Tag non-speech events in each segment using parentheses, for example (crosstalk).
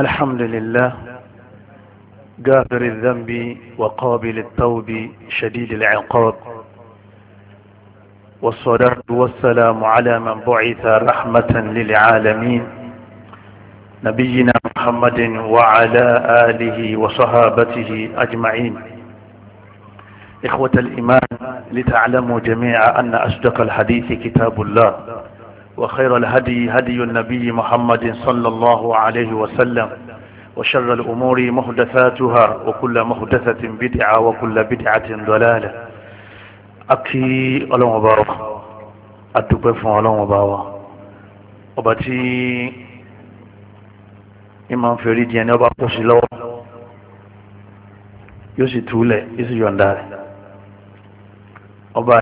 الحمد لله غافر الذنب وقابل التوب شديد العقاب والصلاة والسلام على من بعث رحمة للعالمين نبينا محمد وعلى آله وصحابته أجمعين إخوة الإيمان لتعلموا جميعا أن أصدق الحديث كتاب الله وخير الهدي هدي النبي محمد صلى الله عليه وسلم وشر الأمور محدثاتها وكل محدثة بدعة وكل بدعة ضلالة أكي الله مبارك أتوقف الله مبارك وبتي imam fèrè diẹ ní ọba kó sí lọ́wọ́ yóò sì túlẹ̀ yóò sì yọ̀ǹda rẹ̀ ọba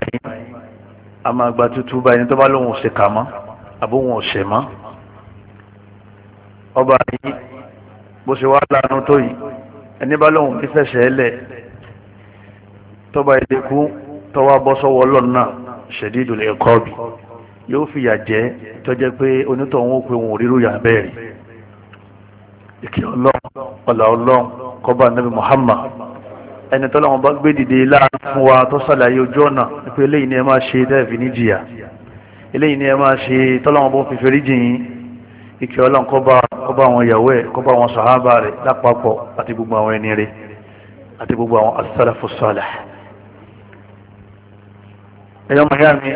yìí àbúwọn ọ̀sẹ̀ mọ́ ọba yìí bó ṣe wá láàánú tó yìí ẹni bá lóun ní fẹsẹ̀ ẹlẹ̀ tọba ìdẹ́kú tọwọ́ abọ́sọ́wọ́ ọlọ́nà ṣẹ̀dídù lè kọ́ bi yóò fìyà jẹ́ tọ́jẹ́ pé onítọ̀hún ó pe òun ríru yà bẹ́ẹ̀rẹ̀ ìkì ọlọ́run ọ̀là ọlọ́run kọ́ba nabi Muhammad ẹni tọ́lọ́run bá gbé dìde láàánú fún wa tó ṣàlàyé ojú ọ̀nà pé eléyìí ni ẹ máa ṣe tẹ́ẹ̀fì níjìyà eléyìí ni ẹ máa ṣe tọ́lọ́wọ́n bó fi fèrè jìn ìkẹ́ ọlọ́run kó bá àwọn ìyàwó ẹ̀ kó bá àwọn sàhábà rẹ̀ lápapọ̀ àti gbogbo àwọn ẹni rẹ̀ àti gbogbo àwọn as-salafu salih. ẹ̀yọ́ màyá mi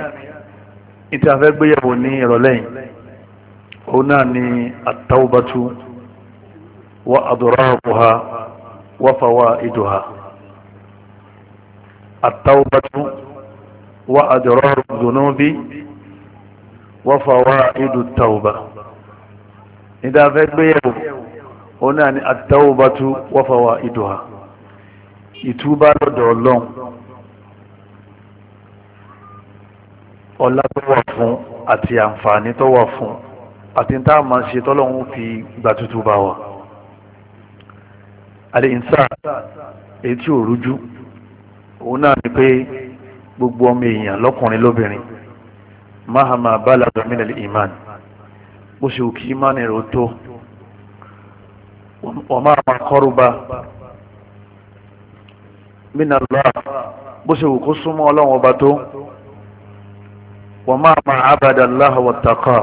ìtì afẹ́ gbéyàwó ní ìrọ̀lẹ́ yìí òun náà ni at-tawbatu wa adrakuha wa fawaiduha at-tawbatu wa adraku dhunubi wa fawaidu tawba níta fẹ́ gbéyàwó ó náà ní at-tawbatu wa fawaiduha ìtúbà lọ́dọ̀ ọlọ́run ọlá tó wà fún àti àǹfààní tó wà fún àti tá máa ṣe tọ́lọ́run fi gbà tuntun bá wa al-insan èyí tí ò rújú òun náà ni pé gbogbo ọmọ èèyàn lọ́kùnrin lóbìnrin mahama balaga min al-iman bó ṣe òkè imani rẹ̀ ó tó wa mahama qaruba min Allah bó ṣe òkú súnmọ́ ọlọ́run ọba tó wa mahama abada Allah wattaqa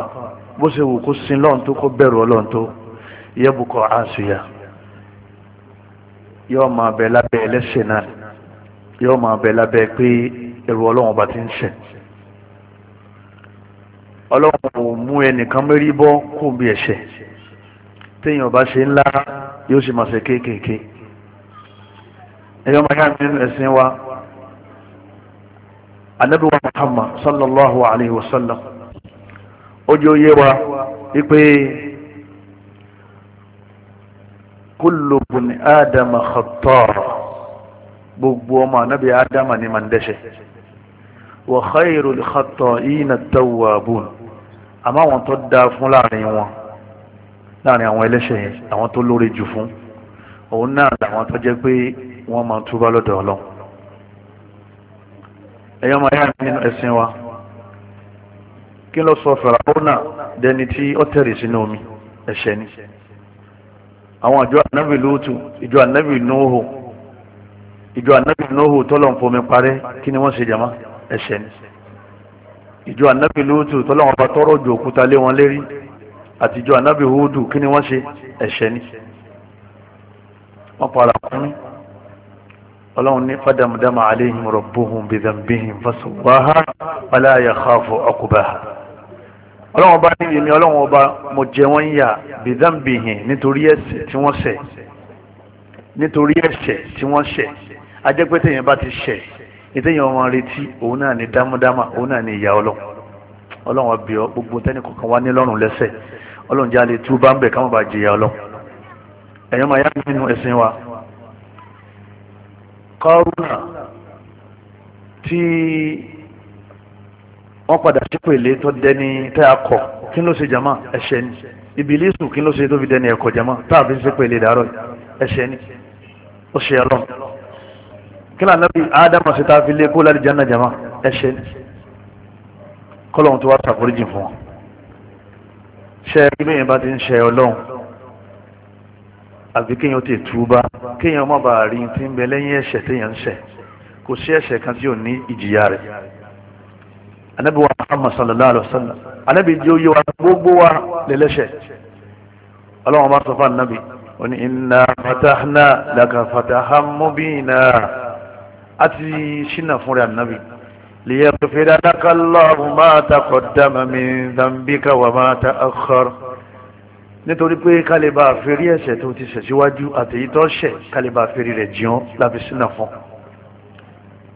bó ṣe òkú sin lọ́run tó kó bẹ̀rù ọlọ́run tó yabqa asiya yóò máa bẹ lábẹ́ ẹlẹ́ṣẹ̀ náà yóò máa bẹ lábẹ́ pé ẹrù ọlọ́run ọba ti ń ṣẹ̀ ọlọ́run ò mú ẹnìkan mérí bọ́ kó bí ẹ̀ṣẹ̀ téèyàn bá ṣe ńlá yóò sì máa ṣe kéékèèké ẹ̀yọ́ máa yá nínú ẹ̀sìn wa anabi wa muhammad sallallahu alayhi wa sallam ojú oyé wa wípé kullu bun adama khattara gbogbo ọmọ anabi adama ni máa ń dẹ́ṣẹ̀ wa khayrul khatta'ina at-tawwabun àmọ́ àwọn tó dáa fún láàrin wọn láàrin àwọn ẹlẹ́ṣẹ̀ yẹn àwọn tó lóore jù fún òun náà làwọn tó jẹ́ pé wọ́n máa túbá lọ́dọ̀ ọlọ́run ẹ̀yọ́ máa yá nínú ẹ̀sìn wa kí ló sọ fìràwọ́nà dẹni tí ó tẹ̀rì sínú omi ẹ̀ṣẹ̀ ni àwọn ìjọ ànábì lóòtù ìjọ ànábì nóòhò ìjọ ànábì nóòhò tọ́lọ̀ ń fomi parẹ́ kí ni wọ́n ṣe jàmá ẹ̀ṣẹ̀ ni ìjọ ànábì lóòtù tọ́lọ́wọ́n bá tọ́rọ̀ jù òkúta lé wọn lérí àti ìjọ ànábì húdù kí ni wọ́n ṣe ẹ̀ṣẹ̀ ni wọ́n para kún ọlọ́run ní fàdàmùdàmà aléhìn rọ̀bùhùn bìdàmbìhìn fàṣọwáhá aláyà káfọ́ ọkùbáhà ọlọ́run bá ní èmi ọlọ́run ọba mo jẹ wọ́n yà bìdàmbìhìn nítorí ẹ̀ṣẹ̀ tí wọ́n ṣẹ̀ nítorí ẹ̀ṣẹ̀ tí wọ́n ṣẹ̀ ajẹ́pẹ́tẹ̀yẹn bá ti ṣẹ̀ ìtẹ̀yìn ọmọ retí òun náà ní dámúdámà òun náà ní ìyá ọlọ́ ọlọ́run ọbẹ̀ ọ gbogbo tẹ́nì kọ̀ọ̀kan wá ní lọ́rùn lẹ́sẹ̀ ọlọ́run jáde tú bá ń bẹ̀ káwọn bá jìyà ọlọ́ ẹ̀yọ́ máa yá nínú ẹ̀sìn wa kọ́rùnà tí wọ́n padà sípò èlé tó dẹni tẹ́ a kí ló ṣe jama ẹ̀ṣẹ̀ ni ìbílísù kí ló ṣe tó fi dẹni ẹ̀kọ́ jama tá a fi sípò èlé dàárọ̀ ẹ̀ṣẹ̀ ni ó ṣe ọlọ́run kílà nàbí ádámà sí táfi lé kó lálẹ́ jẹ́nà jama ẹ̀ṣẹ́ kọ́lọ́hún tó wá sàkóríjì fún wọn ṣe ilé yẹn bá ti ń ṣe ọlọ́run àbí kéèyàn ti túbá kéèyàn má bàa rí ti ń bẹ lẹ́yìn ẹ̀ṣẹ̀ téèyàn ń ṣẹ̀ kò sí ẹ̀ṣẹ̀ kan tí ò ní ìjìyà rẹ̀ anabi wa muhammad sallallahu alaihi wa sallam anabi di oye wa gbogbo wa lẹ́lẹ́ṣẹ̀ ọlọ́run bá sọ fún anabi ó ní inna fatahna laka fatahan mubina àti ṣínà fúnra nàbì liyagfira laka Allahu ma taqaddama min dhanbika wa ma ta'akhkhar nítorí pé kálíbà àfẹ́rí ẹ̀ṣẹ̀ tó ti ṣẹ̀ síwájú àtẹ̀yítọ́ ṣẹ̀ kálíbà àfẹ́rí rẹ̀ jẹun láfi sínà fún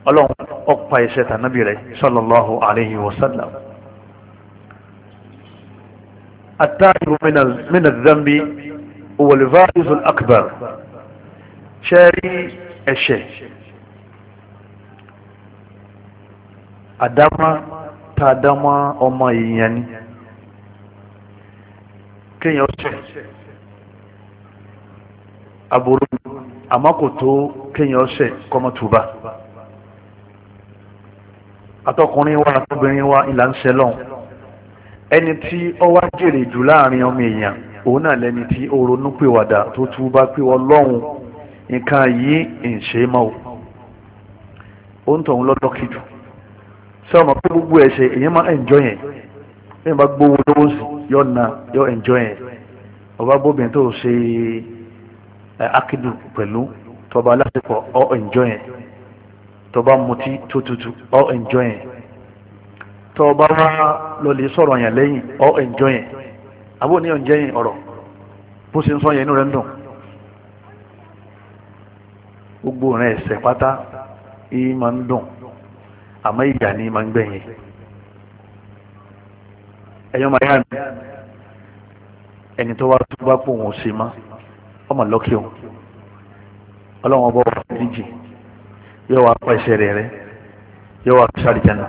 ọlọ́run ọ̀pá ẹ̀ṣẹ̀ tànábì rẹ̀ sallallahu alayhi wa sallam. at-ta'ibu min adh akbar ṣẹ́rí ẹ̀ṣẹ̀ Adama ta a ọma ọmọ ni kéèyàn ṣe aburú tó kéèyàn ṣe kọ́mọ́túbà atọkùnrin wa ẹni tí ọ wá jèrè jù láàrin ọmọ èèyàn òun náà lẹni tí ó ronú tó ó ń sọ ma pé gbogbo ẹ̀ ṣe èyí máa ẹ̀njọ́ yẹn lẹ́yìn bá gbowó lọ́wọ́ sí yọ na yọ ẹ̀njọ́ yẹn ọba bóbin tó ṣe akidu pẹ̀lú tọba aláṣepọ̀ ọ ẹ̀njọ́ yẹn tọba mutí tó tutù ọ ẹ̀njọ́ yẹn tọba wá lọlẹ̀ sọ̀rọ̀ yẹn lẹ́yìn ọ ẹ̀njọ́ yẹn àbó ní ọ̀njẹ́ yẹn ọ̀rọ̀ bó ṣe ń sọ yẹn inú rẹ̀ ń dùn gbogbo rẹ̀ ẹ̀sẹ̀ pátá ìyí ń dùn àmọ́ ìjà ni máa ń gbẹ̀yìn ẹ̀yọ́ máa yá mi ẹni tó wá tó bá pòun ṣe má ọmọ lọ́kì òun ọlọ́wọ́n bọ́ wà níjì yóò wá pa ẹsẹ̀ rẹ̀ rẹ̀ yóò wá sáré jẹ́nà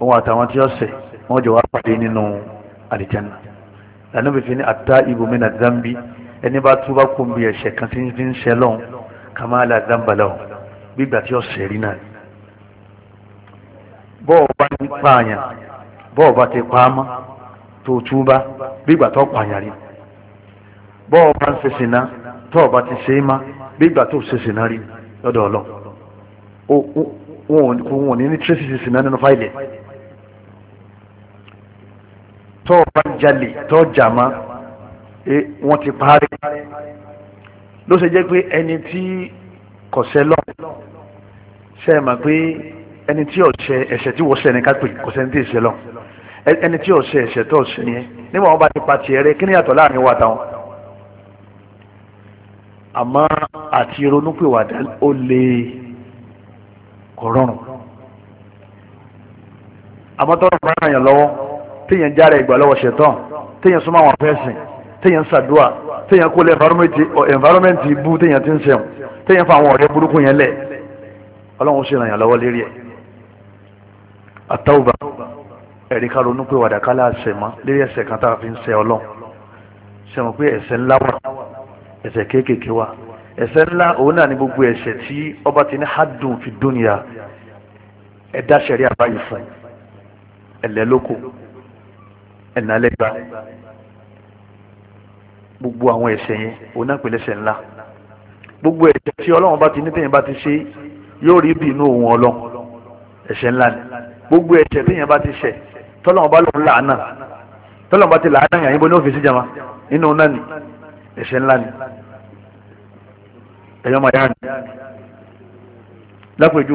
òun àtàwọn tí ó sẹ̀ wọ́n jọ wá pàdé nínú àlìjẹ́nà lànà fífi ní ata ibùmí nà zambi ẹni bá tó bá kó bí ẹ̀ṣẹ̀ kan tí ń fi ń ṣẹlọ́n kàmáàlà zambalọ́ gbígbà tí ó sẹ̀ rí náà bọ́ọ̀ bá ti pààyàn bọ́ọ̀ bá ti pa á mọ́ tó túbá bígbà tó pààyàn rí bọ́ọ̀ bá ń ṣe sìnà tọ́ọ̀ bá ti ṣe é má bígbà tó ṣe sìnà rí lọ́dọ̀ ọlọ́ wọn ò ní ní tracy ṣe sìnà nínú fáìlì tọ́ọ̀ bá ń jalè tọ́ọ̀ jà má e, wọ́n ti parí ló ṣe jẹ́ pé ẹni tí kò sẹ́lọ̀ ṣe é mà pé ẹni tí ó ṣe ẹ̀ṣẹ̀ tí wọ́n ṣe ẹni kápẹ́ kò sẹ́ni tí ì ṣe lọ ẹni tí ó ṣe ẹ̀ṣẹ̀ tó ṣe yẹn nígbà wọn bá ti pàtì ẹrẹ kí ni yàtọ̀ láàrin wa táwọn. àmọ́ àti ronúpìwàdà ó lè kọ̀ rọrùn àmọ́ tọ́rọ̀ fún ẹ̀yàn lọ́wọ́ téèyàn jára ìgbà lọ́wọ́ ṣẹ̀tàn téèyàn súnmọ́ àwọn afẹ́sìn téèyàn ṣàdúrà téèyàn kó lé environment ibú téèyàn ti ń ṣẹ̀wọ̀n téèyàn fa àwọn ọ̀rẹ́ burúkú yẹn lẹ̀ ọlọ́run ó ṣèrànyàn lọ́wọ́ lérí ẹ̀ àtọ́wùbá ẹ̀rí ká ronú pé wàdà kálá àṣẹ mọ́ lérí ẹ̀ṣẹ̀ kan tá a fi ń ṣe ọlọ́run ṣe mọ̀ pé ẹ̀ṣẹ̀ ńlá wà ẹ̀ṣẹ̀ kéékèèké wà ẹ̀ṣẹ̀ ńlá òun náà ní gbogbo ẹ̀ṣẹ̀ tí ọba ti ní hadùn fi dúnìyà ẹ̀dá ṣẹ̀rí àbáyé fún ẹ̀lẹ́lóko ẹ̀nàlẹ́gbà gbogbo àwọn ẹ̀ṣẹ̀ yẹn òun náà pèlẹ́ṣẹ̀ ńlá gbogbo ẹ̀ṣẹ̀ tí ọlọ́run bá ti ní tẹ̀yìn bá ti ṣe yóò rí bí inú òun ọlọ́run ẹ̀ṣẹ̀ ńlá ni gbogbo ẹ̀ṣẹ̀ tí yẹn bá ti ṣẹ̀ tọ́lọ́wọ́n bá lòun làánà tọ́lọ́wọ́n bá ti làánà yàn níbo ní òfin síjàmá nínú náà ni ẹ̀ṣẹ̀ ńlá ni ẹ̀yọ́ máa yára ni lápẹ̀jù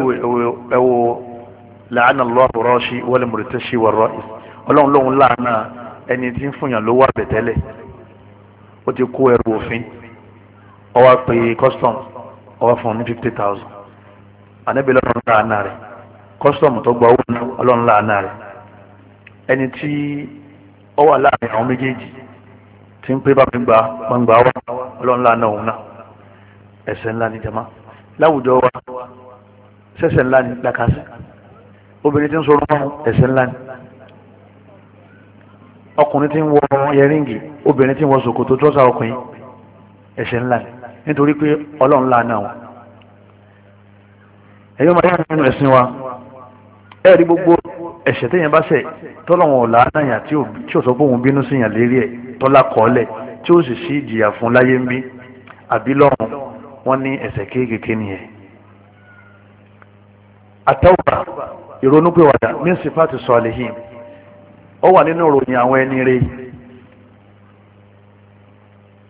ẹ̀wọ̀ làánà lọ́wọ́ rọ́ọ̀ṣì wọlé mùrìtẹ́ṣì wọ̀ rọ́ọ̀ṣì ọlọ́run lòun làánà ẹni tí ń fúnyàn ló wà bẹ̀tẹ́lẹ̀ ó ti kó ẹrù òfin ọwọ́ pé custom ọwọ́ fún ní fifty thousand ànábìlẹ̀ ọ̀run làánà rẹ̀ Kọstọm tó gba owó náà ọlọ́run ẹni tí ó wà láàrin àwọn méjèèjì tí ń pé bá mi gba gbangba wa ọlọ́run láàánú òun náà ńlá láwùjọ wa ṣẹ̀ṣẹ̀ ńlá ni lákàṣẹ obìnrin tí ń sọ ọdún ẹ̀ṣẹ̀ ńlá ni ọkùnrin tí ń wọ obìnrin tí ń wọ tọ́sà ọkùnrin ẹ̀rí gbogbo ẹ̀ṣẹ̀ téèyàn bá ṣẹ̀ tọ́lọ̀wọ̀n ọ̀la náà tí ò sọ pé òun bínú sí yàn lérí ẹ̀ tọ́lá kọ́ọ́lẹ̀ tí ó sì sí ìjìyà fún láyé ń bí àbí lọ́run wọ́n ní ẹ̀ṣẹ̀ kéékèèké nìyẹn. ó wà nínú ìròyìn àwọn ẹni rẹ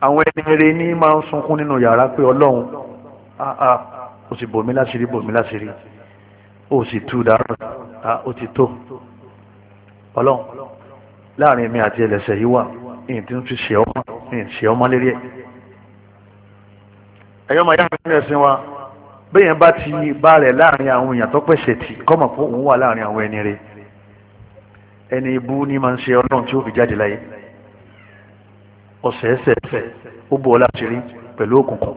àwọn ẹni rẹ ní máa ń sunkún nínú yàrá pé ọlọ́run ó sì tú dàrú ó ti tó ọlọ́run láàrin mi àti ẹlẹ́sẹ̀ yìí wà ní tí ń fi ṣe ọmọ ní ṣe ọmọ lérí ẹ̀ ẹ̀yọ́ máa yára ní ẹ̀sìn wa bẹ́yẹn bá ti bá rẹ̀ láàrin àwọn èèyàn tó pẹ̀sẹ̀ tì kọ́mọ̀ fún òun wà láàrin àwọn ẹni rẹ̀ ẹni ibú ní máa ń ṣe ọlọ́run tí ó fi jáde láyé ọ̀sẹ̀ ẹsẹ̀ ẹsẹ̀ ó bọ̀ ọ́ láti rí pẹ̀lú òkùnkùn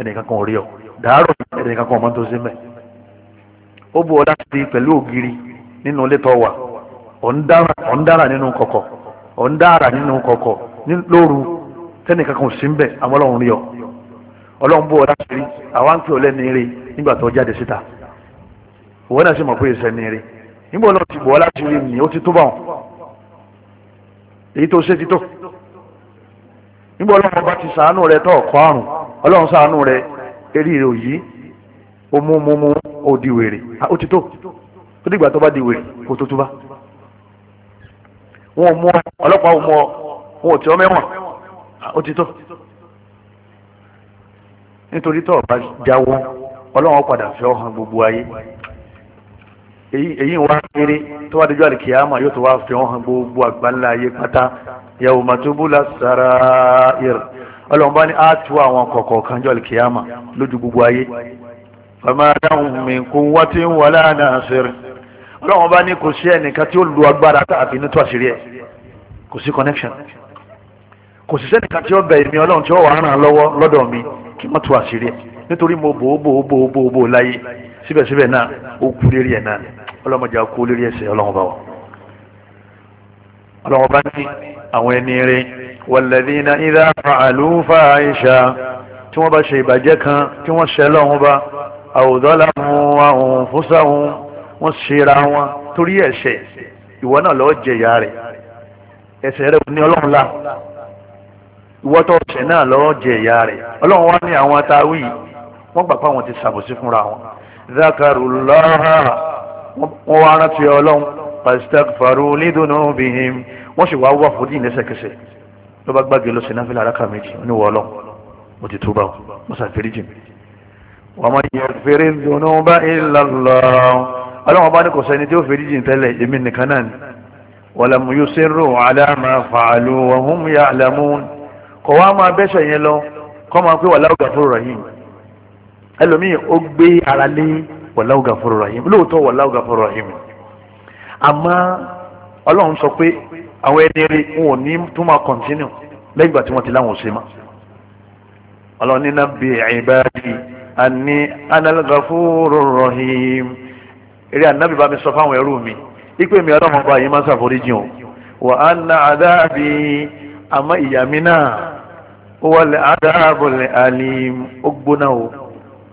ẹnìkan kan ò rí ọ dàárọ̀ ẹnìkan kan ọmọ tó ṣe mẹ́ẹ̀. ó bụ ọla ti pẹ̀lú ògiri nínú ilé tó wà nínú kọ̀kọ̀ nínú kọ̀kọ̀ lóru tẹ́nìkan kan sí ń bẹ̀ àwọn ọlọ́run rí ọ ọlọ́run bó ọ̀dà ti rí àwa ń pè ọ lẹ́ni rí nígbà tó jáde síta náà sì mọ̀ pé nígbà ọlọ́run ti láti rí ni ó ti tó bá wọn èyí tó ṣe ti tó nígbà ọlọ́run bá ti rẹ ọ̀kọ́ àrùn Ọmụmụmụ mú mú mú tó otu bá di wèrè tó túbá wọn mú ọ ọlọ́pàá mú gbogbo ayé èyí wá kéré tó wá dojú àlìkìyàmà yóò tó gbogbo àgbáńlá ayé pátá yàwó màtúbúlà sàrà ìr ọlọ́wọ́n bá ní gbogbo ayé. fama lahum min quwwatin wala nasir ọlọ́run bá ní kò sí ẹnìkan tí ó lu agbára tàbí ní tọ́sírí ẹ̀ kò sí connection kò sí sẹ́nìkan tí ó bẹ̀ mí ọlọ́run tí ó wà ràn lọ́wọ́ lọ́dọ̀ mi kí wọ́n tu àṣírí ẹ̀ nítorí mo bò bò bò bò bò láyé síbẹ̀síbẹ̀ náà ó kú lérí ẹ̀ náà ọlọ́mọdé kú lérí ẹsẹ̀ ọlọ́run bá wà. ọlọ́run bá ní àwọn ẹni rẹ̀ walladhina idha fa'alu fahisha tí wọ́n bá ṣe ìbàjẹ́ kan tí wọ́n ṣẹlọ́run bá àwòdọ́là mu àwọn fúnṣà wọn wọ́n ṣera wọn torí ẹ̀ṣẹ̀ ìwọ náà lọ́ọ́ jẹ ìyá rẹ̀ ẹ̀ṣẹ̀ rẹ̀ ní ọlọ́run la ìwọ tó ọ̀ṣẹ̀ náà lọ́ọ́ jẹ ìyá rẹ̀ ọlọ́run wá ní àwọn atáwí wọ́n gbà pé àwọn ti ṣàbòsí fúnra wọn zakaruláha wọ́n wá rántí ọlọ́run pastagfaru lidunu bihim wọ́n sì wá wá fòdí lẹ́sẹ̀kẹsẹ̀ ló bá gbàgbé lọ sí náfìlà arákà méjì oníwọ̀ ọlọ́run mo ti túbà mo ṣàfẹ́ríjì mi wa man yaghfiru dhunuba illa Allah ọlọ́wọ́n bá ní kò sẹ́ni tí ó fèrè jìn tẹ́lẹ̀ èmi nìkan náà ni walam yusirru ala ma fa'alu wa hum ya'lamun kọ̀ wá máa bẹ́sẹ̀ yẹn lọ kọ́ máa pé wallahu ghafurur rahim ẹlòmíì ó gbé ara lé wallahu ghafurur rahim lóòótọ́ wallahu ghafurur rahim àmọ́ ọlọ́run sọ pé àwọn ẹni rí wọn ò ní tún máa kọ̀ntínú lẹ́yìn tí wọ́n ti láwọn ò ani anal ghafurur rahim eré anabi mi sọ fáwọn ẹrú mi ipe mi ọlọ́mọ bá yìí ma o wa anna adhabi ama ìyá mi náà ó wà alim o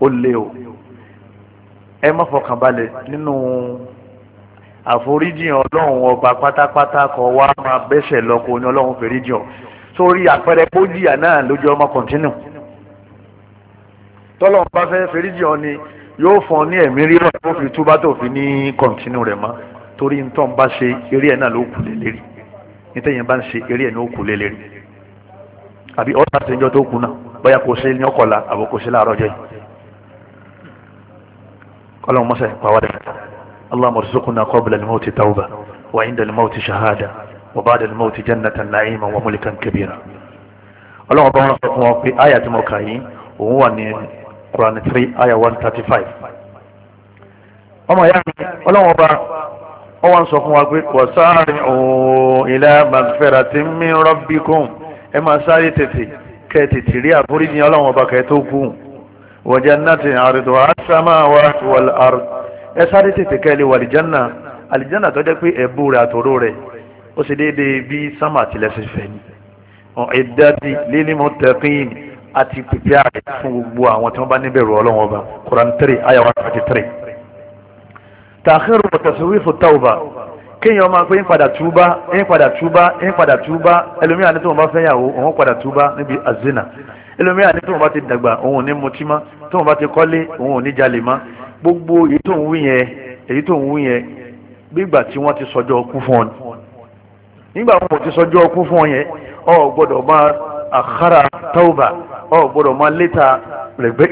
ó o ẹ ma fọkan balẹ nínú àforíjì ọlọ́run ọba pátápátá kọ wá máa bẹ́sẹ̀ lọ kó ní ọlọ́run fèrè jọ sórí àpẹẹrẹ pójìyà náà lójú ọmọ tọ́lọ́run bá fẹ́ feríjì ọ ni yóò fún ní ẹ̀mí rírọ̀ tó fi túbá tó fi ní kọ̀ǹtínú rẹ̀ mọ́ torí ń tọ́ bá ṣe eré ẹ̀ náà ló kù bá ń ṣe eré ẹ̀ náà ó kù àbí ọ̀rọ̀ àti ìjọ tó kù náà bóyá kò ṣe ní ọkọ̀la àbò kò ṣe láàárọ̀ jẹ́ mọ́sẹ̀ Quran three ayah one thirty five ọmọ ya mi ọlọ́wọ́n ọba ọwọ́ ń sọ fún wa pé wasaari ooo ila magfiratin min rabbikum ẹ máa sáré tètè kẹ tètè rí àforíjì ọlọ́wọ́n ọba kẹ tó kù wa jannatin arduha as-samawati wal ard ẹ sáré tètè kẹ lè wà àlìjánà àlìjánà tó jẹ́ pé ẹ̀bù rẹ̀ àtòrò rẹ̀ ó sì déédéé bí sámà tilẹ̀ sí fẹ́ ni ọ̀ẹ́dá ti lil muttaqin àti pèpè àrẹ fún gbogbo àwọn tí wọ́n bá níbẹ̀rù ọlọ́run ọba Quran three aya one thirty three. tàkìrù taswifu tawba kéèyàn máa pé ń padà túbá ń padà túbá ń padà túbá ẹlòmíràn ní tí wọ́n bá fẹ́ yàwó òun padà túbá níbi azina ẹlòmíràn ní tí wọ́n bá ti dàgbà òun ò ní mutí ma. tí wọ́n bá ti kọ́lé òun ò ní jalè mọ́ gbogbo èyí tó ń wí yẹn èyí tó ń wí yẹn gbígbà tí wọ́n ti sọjọ́ ọkú fún ọ nígbà wọn ti sọjọ́ ọkú fún ọ yẹn o gbọ́dọ̀ máa àkàrà tọ́ọ̀bà ọ̀ gbọ́dọ̀ máa létà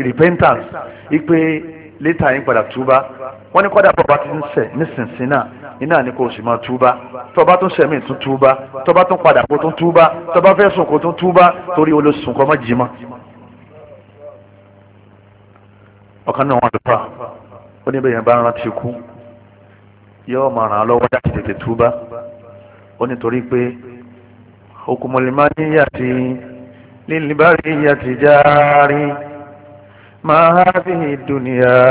repentance ipe létà yín padà túbá wọ́n ní kọ́dà bàbá ti ń ṣẹ̀ nísinsìnyí náà iná ni kò sì máa túbá tọ́ba tún ṣẹ̀mí tún túbá tọ́ba tún padà kó tún túbá tọ́ba fẹ́ sùn kó tún túbá torí olóṣùn kọ́ mọ́ jì mọ́. ọ̀kan náà wọ́n lè fa ó ní bẹ́ẹ̀ yẹn bá rántí kú yóò máa ràn án lọ́wọ́ láti tètè túbá ó nítorí pé okùnmọ̀lẹ́má níyà ti للبرية جاري ما هذه الدنيا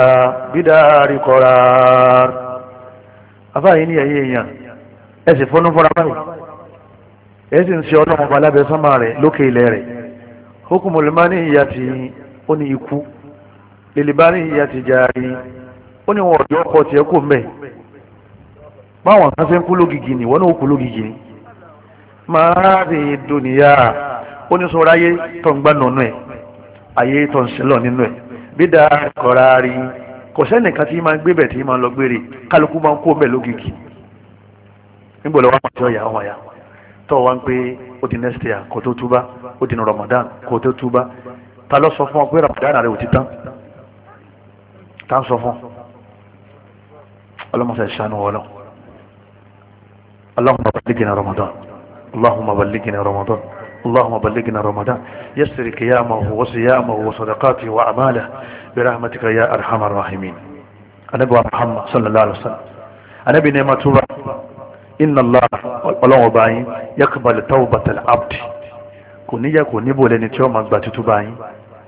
بدار قرار afáyé ní ẹ̀yẹ èèyàn ẹ sì fọ́nú fọ́ra báyìí ẹ sì ń ṣe ọlọ́run ọba lábẹ́ sánmà rẹ̀ lókè ilẹ̀ rẹ̀ hukumul mani ìyàtì ó ní ikú lèlìbá ní ìyàtì jàrí ó ní wọn ọ̀dọ́ ọkọ̀ tiẹ̀ kò mẹ́ báwọn kan ṣe ń kú lógìgì ni wọn náà kú lógìgì ni máa rí dùnìyà ó ní sọ̀rọ̀ ayé tó ń gbá nínú ẹ̀ ayé tó ń sílọ̀ nínú ẹ̀ bídà kọ̀ra rí kò sẹ́nìkan tí máa ń gbébẹ̀ tí máa ń lọ gbére kálukú máa ń kó mẹ́ lógìkì níbo lọ́wọ́ àwọn àti ọ̀yà ọ̀yà tó wá ń pé ó di next year kó tó túbá ó di Ramadan kó tó túbá ta ló sọ fún ọ pé Ramadan rẹ ò ti tán ta ń sọ fún ọlọ́mọṣẹ́ ìṣàánú wọlọ́ Allahumma ballighna Ramadan Allahumma ballighna Ramadan. اللهم بلغنا رمضان يسر قيامه وصيامه وصدقاته وأعماله برحمتك يا أرحم الراحمين النبي محمد صلى الله عليه وسلم النبي نعمة إن الله ọlọ́run ọba yín yaqbal tawbatal abdi kò níyà kò níbo lẹni tí ó máa gba tuntun bá yín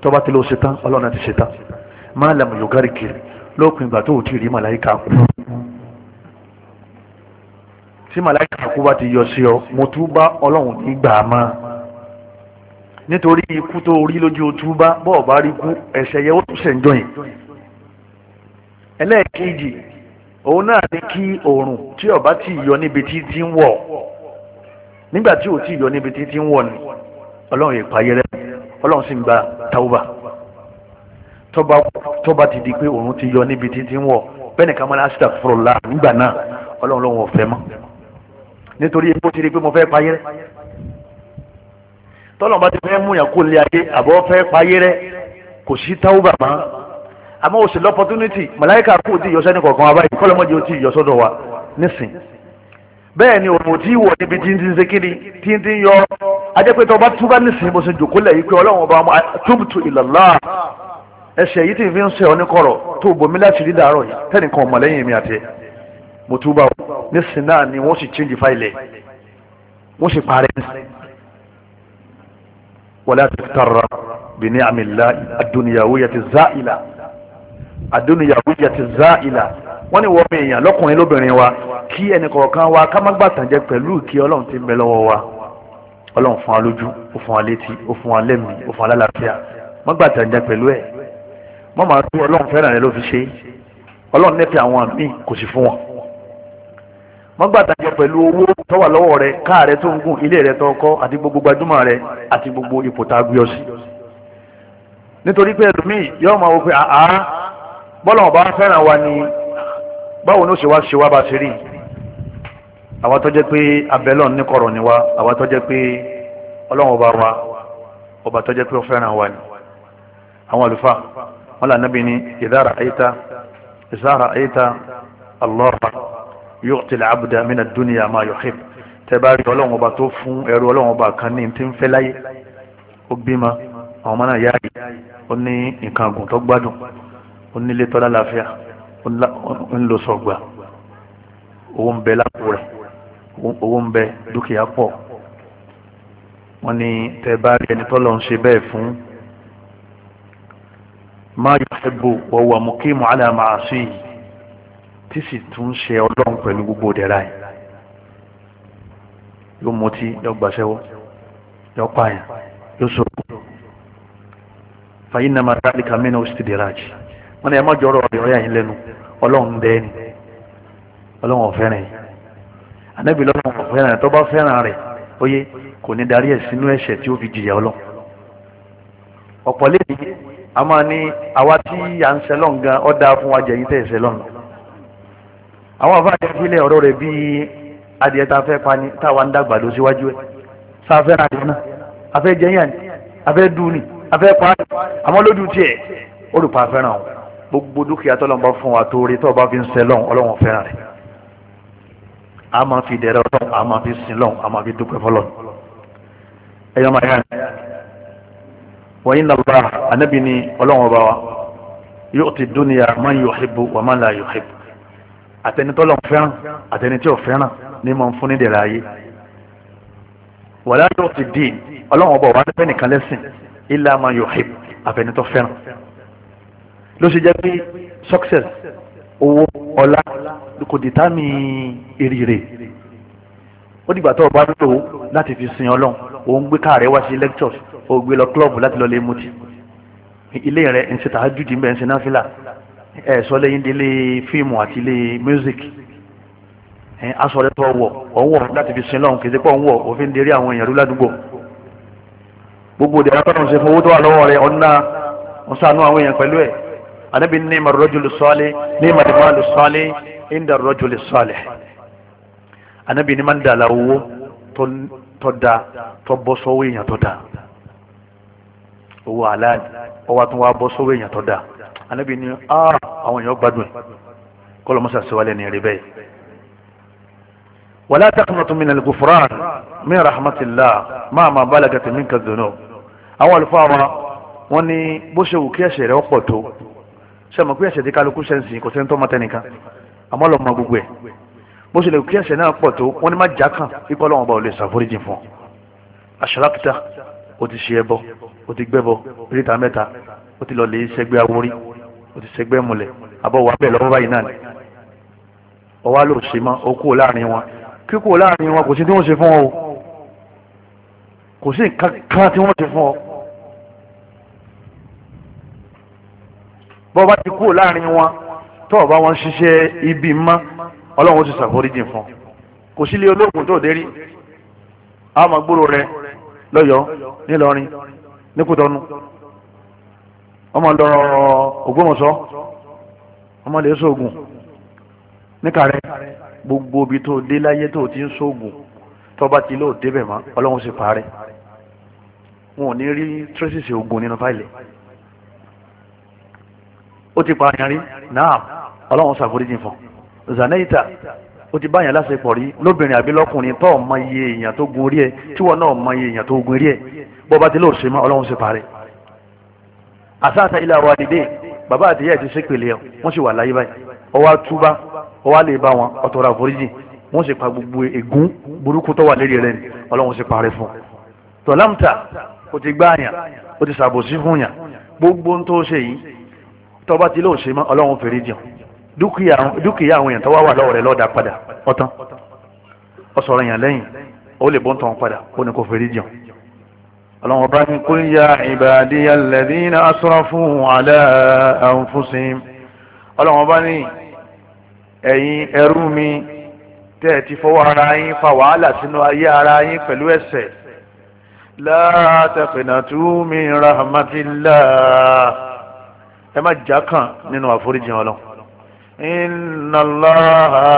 tọ́ba tí ló ṣe tán ọlọ́run ti ṣe tán máa làmù yògárì kiri lópin ìgbà tó ò tí ì rí màláìka kú tí màláìka kú bá ti yọ sí ọ mo tún bá ọlọ́run nígbà máa nítorí ikú tó rí lójú túbá bọ́ọ̀ bá rí kú ẹ̀ṣẹ̀ yẹ ó tún ṣẹ̀ ń jọyìn ẹlẹ́ẹ̀kejì òun náà ní kí oòrùn tí ó bá ti yọ níbi tí ti ń wọ̀ nígbà tí ò ti yọ níbi tí ti ń wọ̀ ni ọlọ́run ìpayẹrẹ ọlọ́run sì ń gba tauba tó ti di pé oòrùn ti yọ níbi tí ti ń wọ̀ bẹ́ẹ̀ nìkan máa ń astaghfirullah nígbà náà ọlọ́run lòun fẹ́ mọ́ nítorí epo ti di pé mo fẹ́ payẹrẹ tọ́lọ̀ bá ti fẹ́ mú yàn kó lé ayé àbọ̀ fẹ́ payé rẹ kò sí táwùbà mọ́ àmọ́ o sì lọ opportunity màláìka kò tí ìyọsẹ́ ní kọ̀ọ̀kan wa báyìí kọ́lọ́mọ́ jẹ́ o tí ìyọsọ́dọ̀ wa nísìn bẹ́ẹ̀ ni òun ò tí wọ̀ níbi tí ń ti ń ṣe kíni tí ń ti ń yọ ajẹ́ pé tọba túbá nísìn mo sì jòkó lẹ̀ yìí pé ọlọ́run ọba túbùtù ìlàlá ẹsẹ̀ yìí tí n fi ń ṣe oníkọ̀rọ̀ tó bomi láti rí dàárọ̀ yìí tẹ́nìkan ọmọlẹ́yìn mi àti ẹ̀ mo túbà nísìn náà ni wọ́n sì chíńjì fáìlẹ̀ wọ́n sì parẹ́ ولا taftarra bi الله llahi ad-dunyawiyati zaila ad-dunyawiyati zaila wọ́n ní wọ́n èèyàn lọ́kùnrin lóbìnrin wa kí ẹnì kọ̀ọ̀kan wa ká má gbàtànjẹ pẹ̀lú kí ọlọ́run ti bẹ lọ́wọ́ wa ọlọ́run fún wa lójú ó fún wa létí ó fún wa lẹ́mìí ó fún wa lálàáfíà má gbàtànjẹ pẹ̀lú ẹ̀ mọ́ máa tú ọlọ́run fẹ́ràn rẹ ló fi ṣe ọlọ́run nífẹ̀ẹ́ àwọn míì kò sì fún wọn mọ́gbàtàjẹ pẹ̀lú owó tó wà lọ́wọ́ rẹ káà rẹ tó ń gùn ilé rẹ tó kọ́ àti gbogbo gbajúmọ̀ rẹ àti gbogbo ipò tá a gbé ọ sí. nítorí pé ẹlòmíì yóò máa wọ pé àá bọ́lá ọba fẹ́ràn wa ni báwo ni ó ṣe wá ṣe wá bá ṣe rí àwa tó pé abẹ́lọ́n níkọ̀rọ̀ ni wa àwa tó pé ọlọ́run ọba wa ọba tó pé ó fẹ́ràn wa ni àwọn àlùfáà wọn là nábì ní ìdára àyíta ìsára àyíta Allah yu'ti al-'abda min ad-dunya ma yuhib tẹ́bárí ọlọ́run ọba tó fún ẹrú ọlọ́run ọba kan ní tí ń fẹ́ láyé ó bímọ àwọn ọmọ náà yá yìí ó ní nǹkan àgùn tó gbádùn ó nílé tọ́lá láfíà ó ń lo sọ̀gbà owó ń bẹ lápò rẹ̀ owó ń bẹ dúkìá pọ̀ wọ́n ní tẹ́bárí ẹni tọ́lọ́ ń ṣe bẹ́ẹ̀ fún ma yuhibbu wa huwa muqimu ala ma'asihi tí sì tún ṣe ọlọ́run pẹ̀lú gbogbo ìdẹ̀ra ẹ̀ yóò mutí yóò gbàṣẹ́wó yóò pààyàn yóò sọ̀rọ̀ fàyín nàmà rálíkà mẹ́nà ó sì ti dèrà jì wọ́n ní ẹ má jọ̀rọ̀ ọ̀rẹ́ ọ̀rẹ́ àyín lẹ́nu ọlọ́run bẹ́ẹ̀ ni ọlọ́run ọ̀fẹ́ràn yìí ànábì lọ́run ọ̀fẹ́ràn rẹ̀ tó bá fẹ́ràn rẹ̀ óyé kò ní darí ẹ̀ sínú ẹ̀ṣẹ̀ tí ó fi jìyà ọlọ́run a máa ní àwa tí à ń ṣẹlọ́n gan ọ́ dáa fún wa jẹ̀yìn tẹ̀ ṣẹlọ́n lọ àwọn àfa àti ẹfílẹ̀ ọ̀rọ̀ bíi adìẹ tá a fẹ́ pani táwa ń dàgbà lọ síwájú ẹ̀ sá fẹ́ ra àdìẹ náà afẹ́ jẹyàn ni afẹ́ dùn ni afẹ́ pa ni àmọ́ lójú tiẹ̀ ó lù pa fẹ́ràn o gbogbo dúkìá tó lọ́nba fún wa torí tó bá fi ń sẹ́ lọ́n ọlọ́wọ́n fẹ́ràn rẹ̀ a máa fi dẹ̀rẹ̀ lọ́n a máa fi sin lọ́n a máa fi dúpẹ́ fọlọ́n ẹ̀yọ́ máa yára wọ́n yín lọ́ba anábì ni ọlọ́wọ́n bá wa yóò ti dúnìyà man yuhibbu wa man la yuhibbu àtẹni tọ́lọ̀ fẹ́ràn àtẹni tí ò fẹ́ràn ní mọ̀ ń fún ní dẹ̀rẹ̀ ayé wàlá yóò ti di ọlọ́run ọba wa nífẹ̀ẹ́ nìkan lẹ́sìn illa man yuhib àfẹnitọ́ fẹ́ràn ló ṣe jẹ́ pé success owó ọlá kò dìtámì èrìrè ó dìgbà tó o bá lò ó láti fi sin ọlọ́run òun gbé káàrẹ́ wá sí lectures ó gbé lọ club láti lọ lè mutí ilé rẹ̀ ń ṣe tàájú dì ń ń ṣe náfìlà ẹ sọ lẹ́yìn délé fíìmù àti ilé music ẹ aṣọ rẹ wọ ọwọ láti fi sin lọhùn kìí pọ ń wọ òfin dérí àwọn èèyàn rú ládùúgbò gbogbo ìdẹ̀rẹ́ tọ́nà ṣe fún owó tó wà lọ́wọ́ rẹ ọ̀nà ọ̀sánú àwọn èèyàn pẹ̀lú ẹ̀ ànábì ní ìmọ̀ rọ́jò lè sọ́ọ́lé ní ìmọ̀ ìmọ̀ lè rọ́jò lè ní owó tó da tó bọ́ sọ́wọ́ èèyàn tó da owó ọwọ́ àtúnwá da. anabi ni ah àwọn èèyàn gbádùn ẹ kọlọ mọsà sèwálẹ ní rí bẹ́ẹ̀. wàlá taqnatu min al-ghufran min rahmatillah máa ma balagat minka dhunub. àwọn àlùfáà wa wọn ní bó ṣe wù kí ẹ̀ṣẹ̀ rẹ̀ ọ̀pọ̀ tó ṣe mọ̀ pé ẹ̀ṣẹ̀ tí kálukú ṣe ń sìn kò sẹ́ni tó mọ tẹnìkan àmọ́ lọ mọ gbogbo ẹ̀ bó ṣe lè kí ẹ̀ṣẹ̀ náà pọ̀ tó wọn ní má jà kàn o ti ṣe ẹbọ o ti gbẹbọ ríta mẹ́ta o ti lọ lè ṣẹgbẹ́ awórí o ti ṣègbè múlẹ̀ àbọ̀ wà bẹ́ẹ̀ lọ́wọ́ báyìí náà ni ọwọ́ ló ṣe mọ́ ó kúrò láàrin wọn kíkúrò láàrin wọn kò sí tí wọ́n ṣe fún ọ kò sí nǹkan kan tí wọ́n ṣe fún ọ. bọ́ bá ti kúrò láàrin wọn tó o wọn ṣiṣẹ́ ibi mọ́ ọlọ́run ti ṣàforíjìn fún kò sílé olóògùn tó dérí àmọ́ gbòòrò rẹ lọ́yọ̀ọ́ nílọrin níkùtọ́nù ọmọ lọ Ògbómọ̀ṣọ́ ọmọ lè sóògùn níkàrẹ gbogbo ibi tó dé láyé tó ti ń sóògùn tọba ti lóò débẹ̀ mọ́ ọlọ́run sì parẹ́ wọn ò ní rí tírẹ́sìsì ogun nínú fáìlì ó ti pa àyàn rí náà ọlọ́run ṣàforíjì fún zanaita ó ti báyàn láṣepọ̀ rí lóbìnrin àbí lọ́kùnrin tó ọmọ iye èèyàn tó gun orí ẹ tíwọ́ náà ọmọ iye èèyàn tó gun orí ẹ bọ́ba ti lóò ṣe mọ́ ọlọ́run sì parẹ́ àsáàtà ilé àwọn àdìdé bàbá àti ìyá ẹ̀ ti ṣépèlé ẹ̀ wọ́n sì wà láyé báyìí ọwọ́ àtúbá ọwọ́ àlè bá wọn ọ̀tọ̀rọ̀ àforíjì wọ́n sì pa gbogbo ègún burúkú tó wà lérí rẹ̀ ni ọlọ́run sì parẹ́ fún un tọ́lámùtà ó ti gbá àyàn ó ti ṣàbòsí fún yàn gbogbo ń tó ṣe yìí tọ́ba ti lóò ṣe mọ́ ọlọ́run fèrè jẹun dúkìá àwọn èèyàn tó wá wà lọ́wọ́ rẹ̀ lọ́ọ̀dà padà ọ̀tán ọ̀sọ̀rọ̀ èèyàn lẹ́yìn ó lè bọ́ntàn padà ó ní kò fèrè jẹun ọlọ́wọ́n bá ní kul ya ibadiya alladhina asrafu ala anfusihim ọlọ́wọ́n bá ní ẹ̀yin ẹrú mi tẹ́ ẹ ti fọwọ́ ara yín fa wàhálà sínú ayé ara yín pẹ̀lú ẹ̀ṣẹ̀ la taqnatu min rahmatillah ẹ má já kàn nínú àforíjì Ọlọ́run inna Allaha